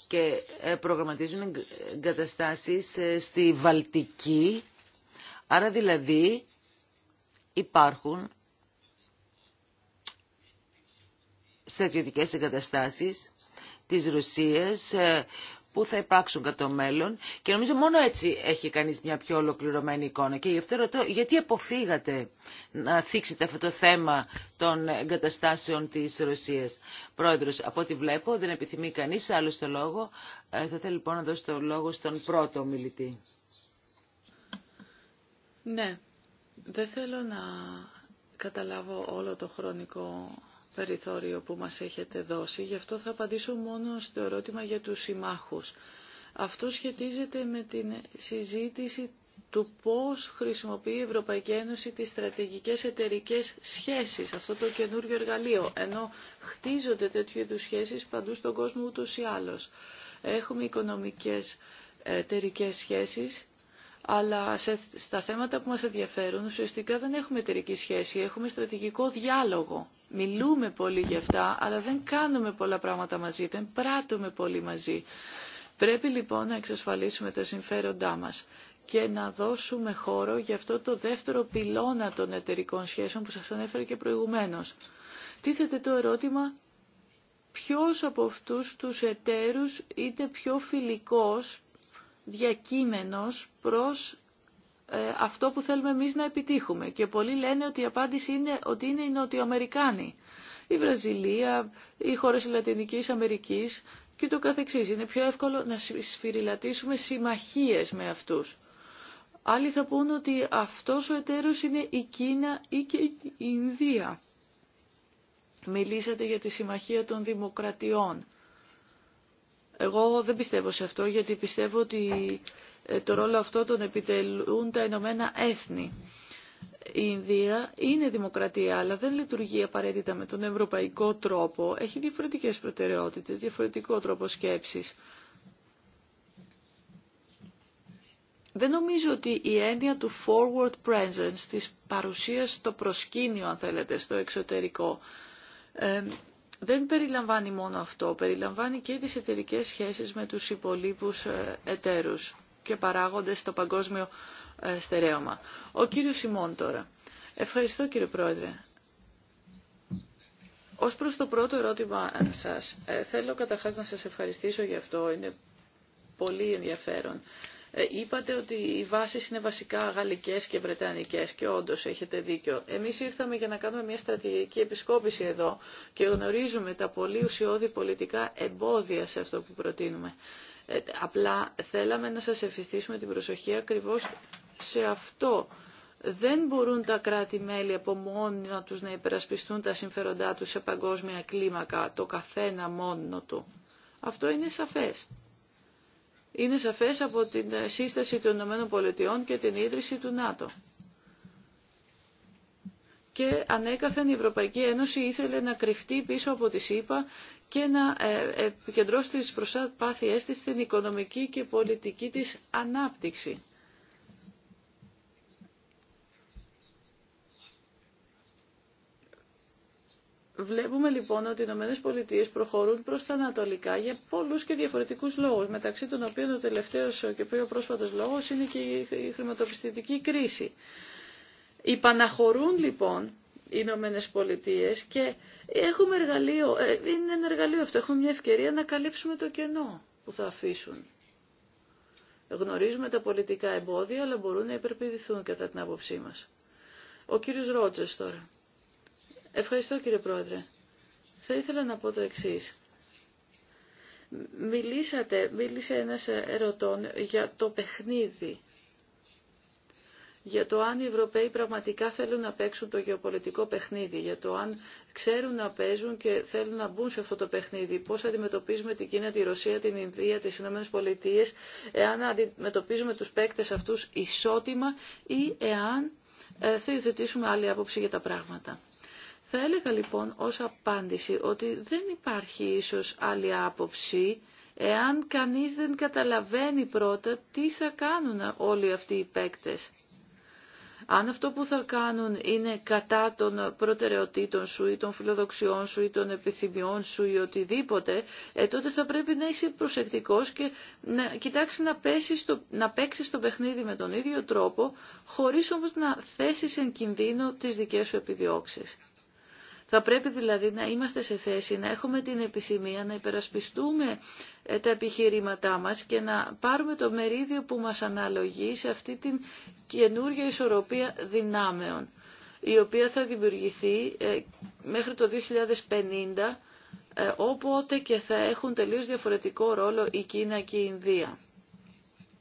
και ε, προγραμματίζουν εγκαταστάσεις στη Βαλτική. Άρα δηλαδή υπάρχουν στρατιωτικές εγκαταστάσεις της Ρωσίας που θα υπάρξουν κατά το μέλλον και νομίζω μόνο έτσι έχει κανείς μια πιο ολοκληρωμένη εικόνα. Και γι' αυτό ρωτώ γιατί αποφύγατε να θίξετε αυτό το θέμα των εγκαταστάσεων της Ρωσίας. Πρόεδρος, από ό,τι βλέπω δεν επιθυμεί κανείς άλλο το λόγο. Ε, θα θέλω λοιπόν να δώσω το λόγο στον πρώτο μιλητή. Ναι, δεν θέλω να καταλάβω όλο το χρονικό περιθώριο που μας έχετε δώσει. Γι' αυτό θα απαντήσω μόνο στο ερώτημα για τους συμμάχους. Αυτό σχετίζεται με την συζήτηση του πώς χρησιμοποιεί η Ευρωπαϊκή Ένωση τις στρατηγικές εταιρικές σχέσεις, αυτό το καινούριο εργαλείο, ενώ χτίζονται τέτοιου είδους σχέσεις παντού στον κόσμο ούτως ή άλλως. Έχουμε οικονομικές εταιρικές σχέσεις αλλά στα θέματα που μας ενδιαφέρουν ουσιαστικά δεν έχουμε εταιρική σχέση, έχουμε στρατηγικό διάλογο. Μιλούμε πολύ για αυτά, αλλά δεν κάνουμε πολλά πράγματα μαζί, δεν πράττουμε πολύ μαζί. Πρέπει λοιπόν να εξασφαλίσουμε τα συμφέροντά μας και να δώσουμε χώρο για αυτό το δεύτερο πυλώνα των εταιρικών σχέσεων που σας ανέφερα και προηγουμένως. Τίθεται το ερώτημα ποιος από αυτούς τους εταίρους είναι πιο φιλικός, διακείμενος προς ε, αυτό που θέλουμε εμείς να επιτύχουμε. Και πολλοί λένε ότι η απάντηση είναι ότι είναι οι Νοτιοαμερικάνοι. Η Βραζιλία, οι χώρες Λατινικής Αμερικής και το καθεξής. Είναι πιο εύκολο να σφυριλατήσουμε συμμαχίες με αυτούς. Άλλοι θα πούν ότι αυτός ο εταίρος είναι η Κίνα ή και η Ινδία. Μιλήσατε για τη συμμαχία των δημοκρατιών. Εγώ δεν πιστεύω σε αυτό γιατί πιστεύω ότι ε, το ρόλο αυτό τον επιτελούν τα Ηνωμένα Έθνη. Η Ινδία είναι δημοκρατία, αλλά δεν λειτουργεί απαραίτητα με τον ευρωπαϊκό τρόπο. Έχει διαφορετικές προτεραιότητες, διαφορετικό τρόπο σκέψης. Δεν νομίζω ότι η έννοια του forward presence, της παρουσίας στο προσκήνιο, αν θέλετε, στο εξωτερικό, ε, δεν περιλαμβάνει μόνο αυτό, περιλαμβάνει και τις εταιρικές σχέσεις με τους υπολείπους ε, εταίρους και παράγοντες στο παγκόσμιο ε, στερέωμα. Ο κύριος Σιμών τώρα. Ευχαριστώ κύριε Πρόεδρε. Ως προς το πρώτο ερώτημα σας, ε, θέλω καταρχάς να σας ευχαριστήσω για αυτό, είναι πολύ ενδιαφέρον. Ε, είπατε ότι οι βάσεις είναι βασικά γαλλικές και βρετανικές και όντως έχετε δίκιο. Εμείς ήρθαμε για να κάνουμε μια στρατηγική επισκόπηση εδώ και γνωρίζουμε τα πολύ ουσιώδη πολιτικά εμπόδια σε αυτό που προτείνουμε. Ε, απλά θέλαμε να σας εφιστήσουμε την προσοχή ακριβώς σε αυτό. Δεν μπορούν τα κράτη-μέλη από να τους να υπερασπιστούν τα συμφέροντά τους σε παγκόσμια κλίμακα, το καθένα μόνο του. Αυτό είναι σαφές είναι σαφές από την σύσταση των Ηνωμένων και την ίδρυση του ΝΑΤΟ. Και ανέκαθεν η Ευρωπαϊκή Ένωση ήθελε να κρυφτεί πίσω από τη ΣΥΠΑ και να ε, επικεντρώσει τις προσπάθειές της στην οικονομική και πολιτική της ανάπτυξη. Βλέπουμε λοιπόν ότι οι Ηνωμένε Πολιτείε προχωρούν προ τα ανατολικά για πολλού και διαφορετικού λόγου, μεταξύ των οποίων ο τελευταίο και πιο πρόσφατο λόγο είναι και η χρηματοπιστωτική κρίση. Υπαναχωρούν λοιπόν οι Ηνωμένε Πολιτείε και έχουμε εργαλείο, ε, είναι ένα εργαλείο αυτό, έχουμε μια ευκαιρία να καλύψουμε το κενό που θα αφήσουν. Γνωρίζουμε τα πολιτικά εμπόδια, αλλά μπορούν να υπερπηδηθούν κατά την άποψή μα. Ο κύριος Ρότζε τώρα. Ευχαριστώ κύριε Πρόεδρε. Θα ήθελα να πω το εξή: Μιλήσατε, μίλησε ένας ερωτών για το παιχνίδι για το αν οι Ευρωπαίοι πραγματικά θέλουν να παίξουν το γεωπολιτικό παιχνίδι, για το αν ξέρουν να παίζουν και θέλουν να μπουν σε αυτό το παιχνίδι, πώς αντιμετωπίζουμε την Κίνα, τη Ρωσία, την Ινδία, τις Ηνωμένες Πολιτείες, εάν αντιμετωπίζουμε τους παίκτες αυτούς ισότιμα ή εάν ε, θα άλλη άποψη για τα πράγματα. Θα έλεγα λοιπόν ως απάντηση ότι δεν υπάρχει ίσως άλλη άποψη εάν κανείς δεν καταλαβαίνει πρώτα τι θα κάνουν όλοι αυτοί οι παίκτες. Αν αυτό που θα κάνουν είναι κατά των προτεραιοτήτων σου ή των φιλοδοξιών σου ή των επιθυμιών σου ή οτιδήποτε, ε, τότε θα πρέπει να είσαι προσεκτικός και να κοιτάξεις να, πέσεις το, να παίξεις το παιχνίδι με τον ίδιο τρόπο, χωρίς όμως να θέσεις εν κινδύνο τις δικές σου επιδιώξεις. Θα πρέπει δηλαδή να είμαστε σε θέση να έχουμε την επισημία, να υπερασπιστούμε ε, τα επιχειρήματά μας και να πάρουμε το μερίδιο που μας αναλογεί σε αυτή την καινούργια ισορροπία δυνάμεων, η οποία θα δημιουργηθεί ε, μέχρι το 2050, ε, όποτε και θα έχουν τελείως διαφορετικό ρόλο η Κίνα και η Ινδία.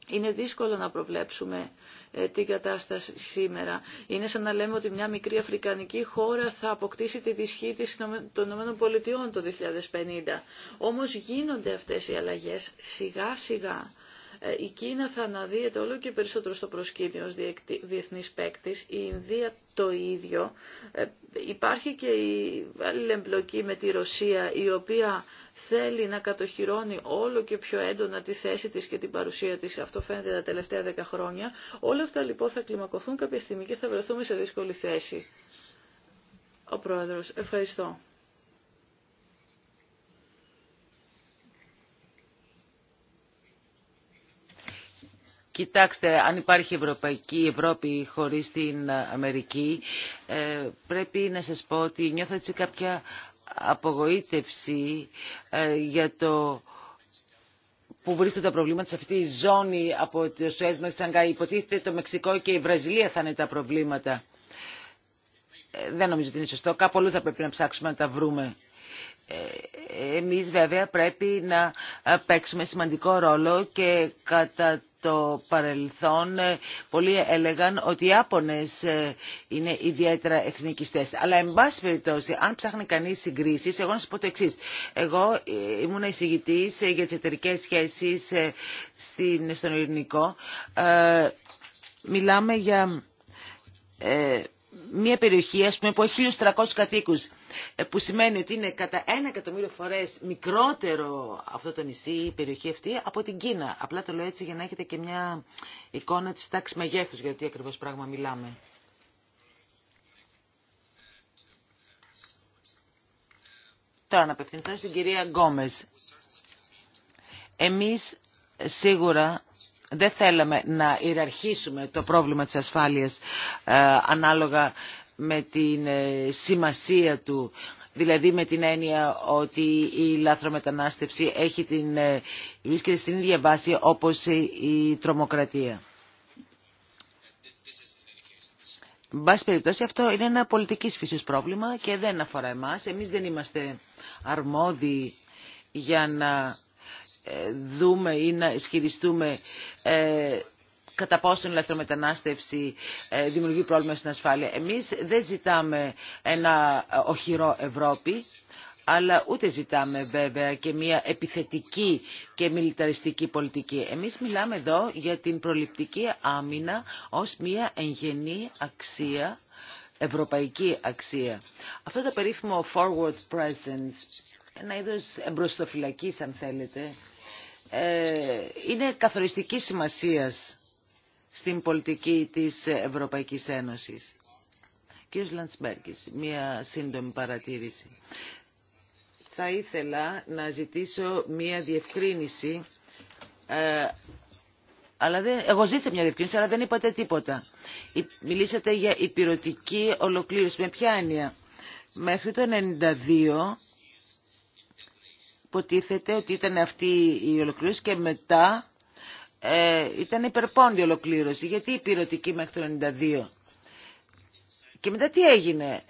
Είναι δύσκολο να προβλέψουμε ε, την κατάσταση σήμερα. Είναι σαν να λέμε ότι μια μικρή αφρικανική χώρα θα αποκτήσει τη δυσχή των ΗΠΑ το 2050. Όμως γίνονται αυτές οι αλλαγές σιγά σιγά. Ε, η Κίνα θα αναδύεται όλο και περισσότερο στο προσκήνιο ως διεθνής παίκτης, η Ινδία το ίδιο. Ε, υπάρχει και η αλληλεμπλοκή με τη Ρωσία, η οποία θέλει να κατοχυρώνει όλο και πιο έντονα τη θέση της και την παρουσία της. Αυτό φαίνεται τα τελευταία δέκα χρόνια. Όλα αυτά λοιπόν θα κλιμακωθούν κάποια στιγμή και θα βρεθούμε σε δύσκολη θέση. Ο Πρόεδρος, ευχαριστώ. Κοιτάξτε, αν υπάρχει Ευρωπαϊκή Ευρώπη χωρίς την Αμερική, ε, πρέπει να σας πω ότι νιώθω έτσι κάποια απογοήτευση ε, για το που βρίσκονται τα προβλήματα σε αυτή τη ζώνη από το Σουέζ μέχρι Σανγκάη. Υποτίθεται το Μεξικό και η Βραζιλία θα είναι τα προβλήματα. Ε, δεν νομίζω ότι είναι σωστό. Κάπου αλλού θα πρέπει να ψάξουμε να τα βρούμε. Εμείς βέβαια πρέπει να παίξουμε σημαντικό ρόλο και κατά το παρελθόν ε, πολλοί έλεγαν ότι οι Άπωνες ε, είναι ιδιαίτερα εθνικιστές. Αλλά εν πάση περιπτώσει, αν ψάχνει κανείς συγκρίσεις, εγώ να σας πω το εξής. Εγώ ε, ήμουν εισηγητής για τις εταιρικέ σχέσεις στην, στον ελληνικό. μιλάμε για... μια περιοχή ας πούμε, που έχει 1.300 κατοίκους ε, που σημαίνει ότι είναι κατά ένα εκατομμύριο φορές μικρότερο αυτό το νησί, η περιοχή αυτή, από την Κίνα. Απλά το λέω έτσι για να έχετε και μια εικόνα της τάξης μεγέθους, τι ακριβώς πράγμα μιλάμε. Τώρα να απευθυνθώ στην κυρία Γκόμες. Εμείς σίγουρα δεν θέλαμε να ιεραρχήσουμε το πρόβλημα της ασφάλειας ε, ανάλογα με την ε, σημασία του δηλαδή με την έννοια ότι η λάθρομετανάστευση έχει την, ε, βρίσκεται στην ίδια βάση όπως η τρομοκρατία. Εν πάση περιπτώσει αυτό είναι ένα πολιτικής φύσης πρόβλημα και δεν αφορά εμάς. Εμείς δεν είμαστε αρμόδιοι για να ε, δούμε ή να ισχυριστούμε κατά πόσο η λαθρομετανάστευση ε, δημιουργεί πρόβλημα στην ασφάλεια. Εμείς δεν ζητάμε ένα ε, οχυρό Ευρώπη, αλλά ούτε ζητάμε βέβαια και μια επιθετική και μιλιταριστική πολιτική. Εμείς μιλάμε εδώ για την προληπτική άμυνα ως μια εγγενή αξία, ευρωπαϊκή αξία. Αυτό το περίφημο forward presence, ένα είδος εμπροστοφυλακής αν θέλετε, ε, είναι καθοριστική σημασίας στην πολιτική της Ευρωπαϊκής Ένωσης. Κύριος Λαντσμπέργκης, μία σύντομη παρατήρηση. Θα ήθελα να ζητήσω μία διευκρίνηση, ε, αλλά δεν, εγώ ζήτησα μία διευκρίνηση, αλλά δεν είπατε τίποτα. Μιλήσατε για υπηρετική ολοκλήρωση. Με ποια έννοια. Μέχρι το 1992... υποτίθεται ότι ήταν αυτή η ολοκλήρωση και μετά ε, ήταν υπερπόντια ολοκλήρωση. Γιατί η πυρωτική μέχρι το 92. Και μετά τι έγινε.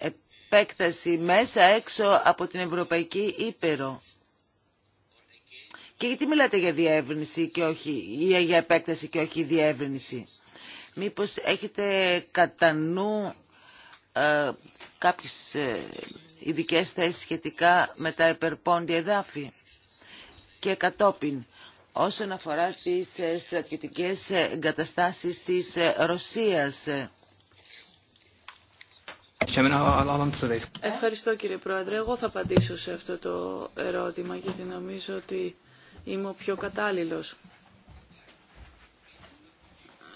Επέκταση μέσα έξω από την Ευρωπαϊκή Ήπερο. Και γιατί μιλάτε για διεύρυνση και όχι, για επέκταση και όχι διεύρυνση. Μήπως έχετε κατά νου ε, κάποιες ε, ειδικές θέσεις σχετικά με τα υπερπόντια εδάφη. Και κατόπιν, όσον αφορά τις ε, στρατιωτικές ε, εγκαταστάσεις της ε, Ρωσίας. Ευχαριστώ κύριε Πρόεδρε. Εγώ θα απαντήσω σε αυτό το ερώτημα γιατί νομίζω ότι είμαι ο πιο κατάλληλος.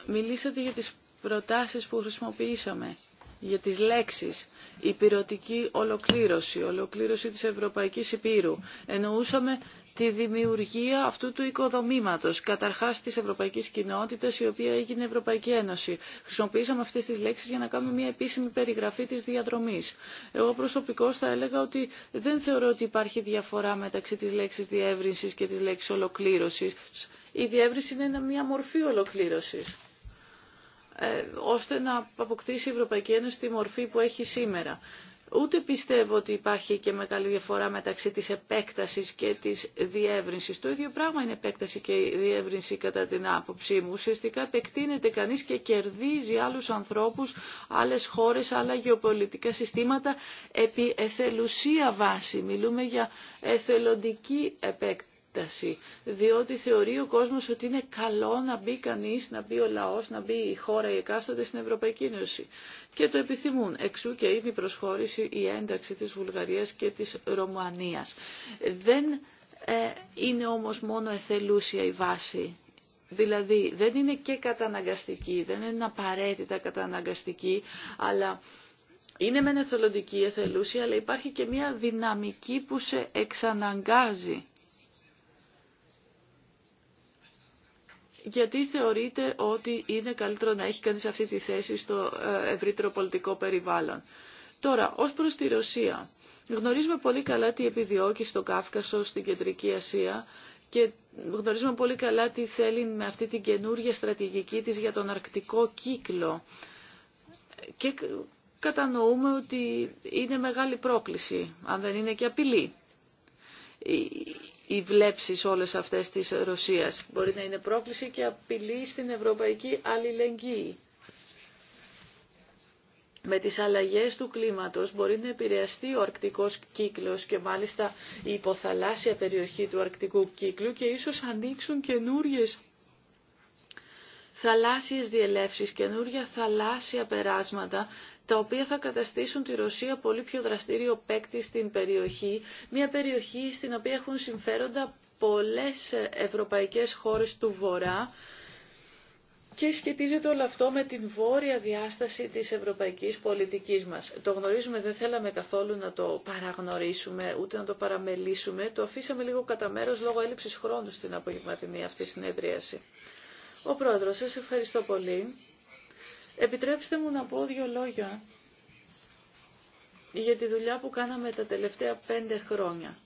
Μιλήσατε για τις προτάσεις που χρησιμοποιήσαμε, για τις λέξεις υπηρωτική ολοκλήρωση», «ολοκλήρωση της Ευρωπαϊκής Υπήρου». Εννοούσαμε τη δημιουργία αυτού του οικοδομήματος, καταρχάς της Ευρωπαϊκής Κοινότητας, η οποία έγινε Ευρωπαϊκή Ένωση. Χρησιμοποιήσαμε αυτές τις λέξεις για να κάνουμε μια επίσημη περιγραφή της διαδρομής. Εγώ προσωπικώς θα έλεγα ότι δεν θεωρώ ότι υπάρχει διαφορά μεταξύ της λέξης διεύρυνσης και της λέξης ολοκλήρωσης. Η διεύρυνση είναι μια μορφή ολοκλήρωσης ε, ώστε να αποκτήσει η Ευρωπαϊκή Ένωση τη μορφή που έχει σήμερα. Ούτε πιστεύω ότι υπάρχει και μεγάλη διαφορά μεταξύ της επέκτασης και της διεύρυνσης. Το ίδιο πράγμα είναι επέκταση και διεύρυνση κατά την άποψή μου. Ουσιαστικά επεκτείνεται κανείς και κερδίζει άλλους ανθρώπους, άλλες χώρες, άλλα γεωπολιτικά συστήματα επί εθελουσία βάση. Μιλούμε για εθελοντική επέκταση διότι θεωρεί ο κόσμος ότι είναι καλό να μπει κανείς, να μπει ο λαός, να μπει η χώρα η εκάστοτε στην Ευρωπαϊκή Ένωση. Και το επιθυμούν. Εξού και ήδη η προσχώρηση, η ένταξη της Βουλγαρίας και της Ρωμανίας. Δεν ε, είναι όμως μόνο εθελούσια η βάση Δηλαδή δεν είναι και καταναγκαστική, δεν είναι απαραίτητα καταναγκαστική, αλλά είναι μεν εθελοντική, εθελούσια, αλλά υπάρχει και μια δυναμική που σε εξαναγκάζει. γιατί θεωρείτε ότι είναι καλύτερο να έχει κανείς αυτή τη θέση στο ε, ευρύτερο πολιτικό περιβάλλον. Τώρα, ως προς τη Ρωσία, γνωρίζουμε πολύ καλά τι επιδιώκει στο Κάφκασο, στην Κεντρική Ασία και γνωρίζουμε πολύ καλά τι θέλει με αυτή την καινούργια στρατηγική της για τον αρκτικό κύκλο. Και κατανοούμε ότι είναι μεγάλη πρόκληση, αν δεν είναι και απειλή οι βλέψεις όλες αυτές της Ρωσίας. Μπορεί να είναι πρόκληση και απειλή στην ευρωπαϊκή αλληλεγγύη. Με τις αλλαγές του κλίματος μπορεί να επηρεαστεί ο αρκτικός κύκλος και μάλιστα η υποθαλάσσια περιοχή του αρκτικού κύκλου και ίσως ανοίξουν καινούριες θαλάσσιες διελεύσεις, καινούργια θαλάσσια περάσματα, τα οποία θα καταστήσουν τη Ρωσία πολύ πιο δραστήριο παίκτη στην περιοχή, μια περιοχή στην οποία έχουν συμφέροντα πολλές ευρωπαϊκές χώρες του Βορρά, και σχετίζεται όλο αυτό με την βόρεια διάσταση της ευρωπαϊκής πολιτικής μας. Το γνωρίζουμε, δεν θέλαμε καθόλου να το παραγνωρίσουμε, ούτε να το παραμελήσουμε. Το αφήσαμε λίγο κατά μέρος λόγω έλλειψης χρόνου στην απογευματινή αυτή συνεδρίαση. Ο Πρόεδρος, σας ευχαριστώ πολύ. Επιτρέψτε μου να πω δύο λόγια για τη δουλειά που κάναμε τα τελευταία πέντε χρόνια.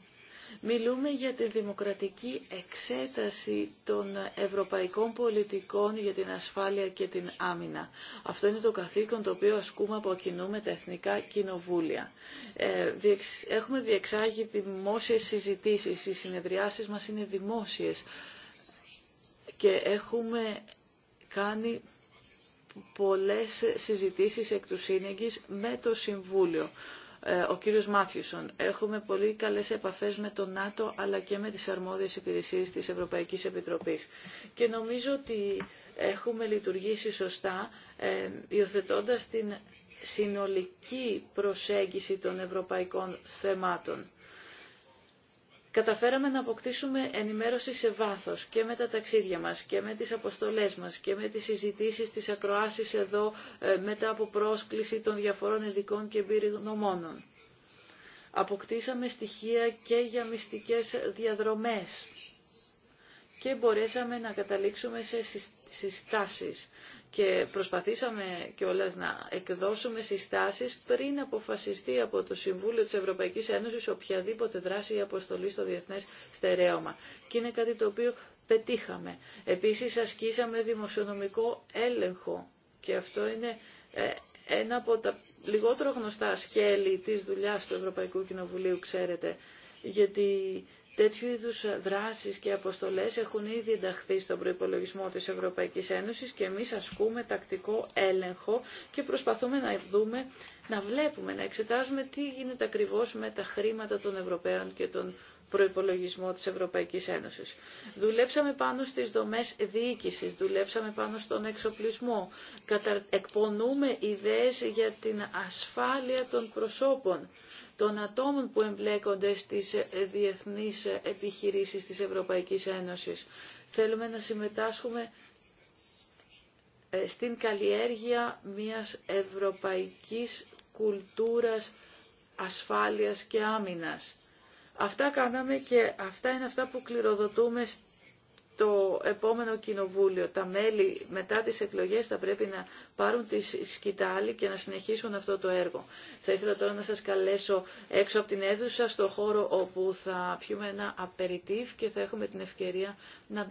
Μιλούμε για τη δημοκρατική εξέταση των ευρωπαϊκών πολιτικών για την ασφάλεια και την άμυνα. Αυτό είναι το καθήκον το οποίο ασκούμε από κοινού με τα Εθνικά Κοινοβούλια. Ε, έχουμε διεξάγει δημόσιες συζητήσεις, οι συνεδριάσεις μας είναι δημόσιες και έχουμε κάνει πολλές συζητήσεις εκ του σύνεγγης με το Συμβούλιο. Ε, ο κύριος Μάθιουσον, έχουμε πολύ καλές επαφές με το ΝΑΤΟ αλλά και με τις αρμόδιες υπηρεσίες της Ευρωπαϊκής Επιτροπής. Και νομίζω ότι έχουμε λειτουργήσει σωστά ε, υιοθετώντας την συνολική προσέγγιση των ευρωπαϊκών θεμάτων καταφέραμε να αποκτήσουμε ενημέρωση σε βάθος και με τα ταξίδια μας και με τις αποστολές μας και με τις συζητήσεις, τις ακροάσεις εδώ ε, μετά από πρόσκληση των διαφορών ειδικών και εμπειρογνωμόνων. Αποκτήσαμε στοιχεία και για μυστικές διαδρομές και μπορέσαμε να καταλήξουμε σε συστάσεις και προσπαθήσαμε κιόλας να εκδώσουμε συστάσεις πριν αποφασιστεί από το Συμβούλιο της Ευρωπαϊκής Ένωσης οποιαδήποτε δράση ή αποστολή στο διεθνές στερέωμα. Και είναι κάτι το οποίο πετύχαμε. Επίσης ασκήσαμε δημοσιονομικό έλεγχο και αυτό είναι ε, ένα από τα λιγότερο γνωστά σκέλη της δουλειάς του Ευρωπαϊκού Κοινοβουλίου, ξέρετε, γιατί Τέτοιου είδου δράσει και αποστολέ έχουν ήδη ενταχθεί στον προπολογισμό τη Ευρωπαϊκή Ένωση και εμεί ασκούμε τακτικό έλεγχο και προσπαθούμε να δούμε, να βλέπουμε, να εξετάζουμε τι γίνεται ακριβώ με τα χρήματα των Ευρωπαίων και των προϋπολογισμό της Ευρωπαϊκής Ένωσης. Δουλέψαμε πάνω στις δομές διοίκησης, δουλέψαμε πάνω στον εξοπλισμό, εκπονούμε ιδέες για την ασφάλεια των προσώπων, των ατόμων που εμπλέκονται στις ε, διεθνείς ε, επιχειρήσεις της Ευρωπαϊκής Ένωσης. Θέλουμε να συμμετάσχουμε ε, στην καλλιέργεια μιας ευρωπαϊκής κουλτούρας ασφάλειας και άμυνας Αυτά κάναμε και αυτά είναι αυτά που κληροδοτούμε το επόμενο κοινοβούλιο. Τα μέλη μετά τις εκλογές θα πρέπει να πάρουν τη σκητάλη και να συνεχίσουν αυτό το έργο. Θα ήθελα τώρα να σας καλέσω έξω από την αίθουσα στο χώρο όπου θα πιούμε ένα απεριτίφ και θα έχουμε την ευκαιρία να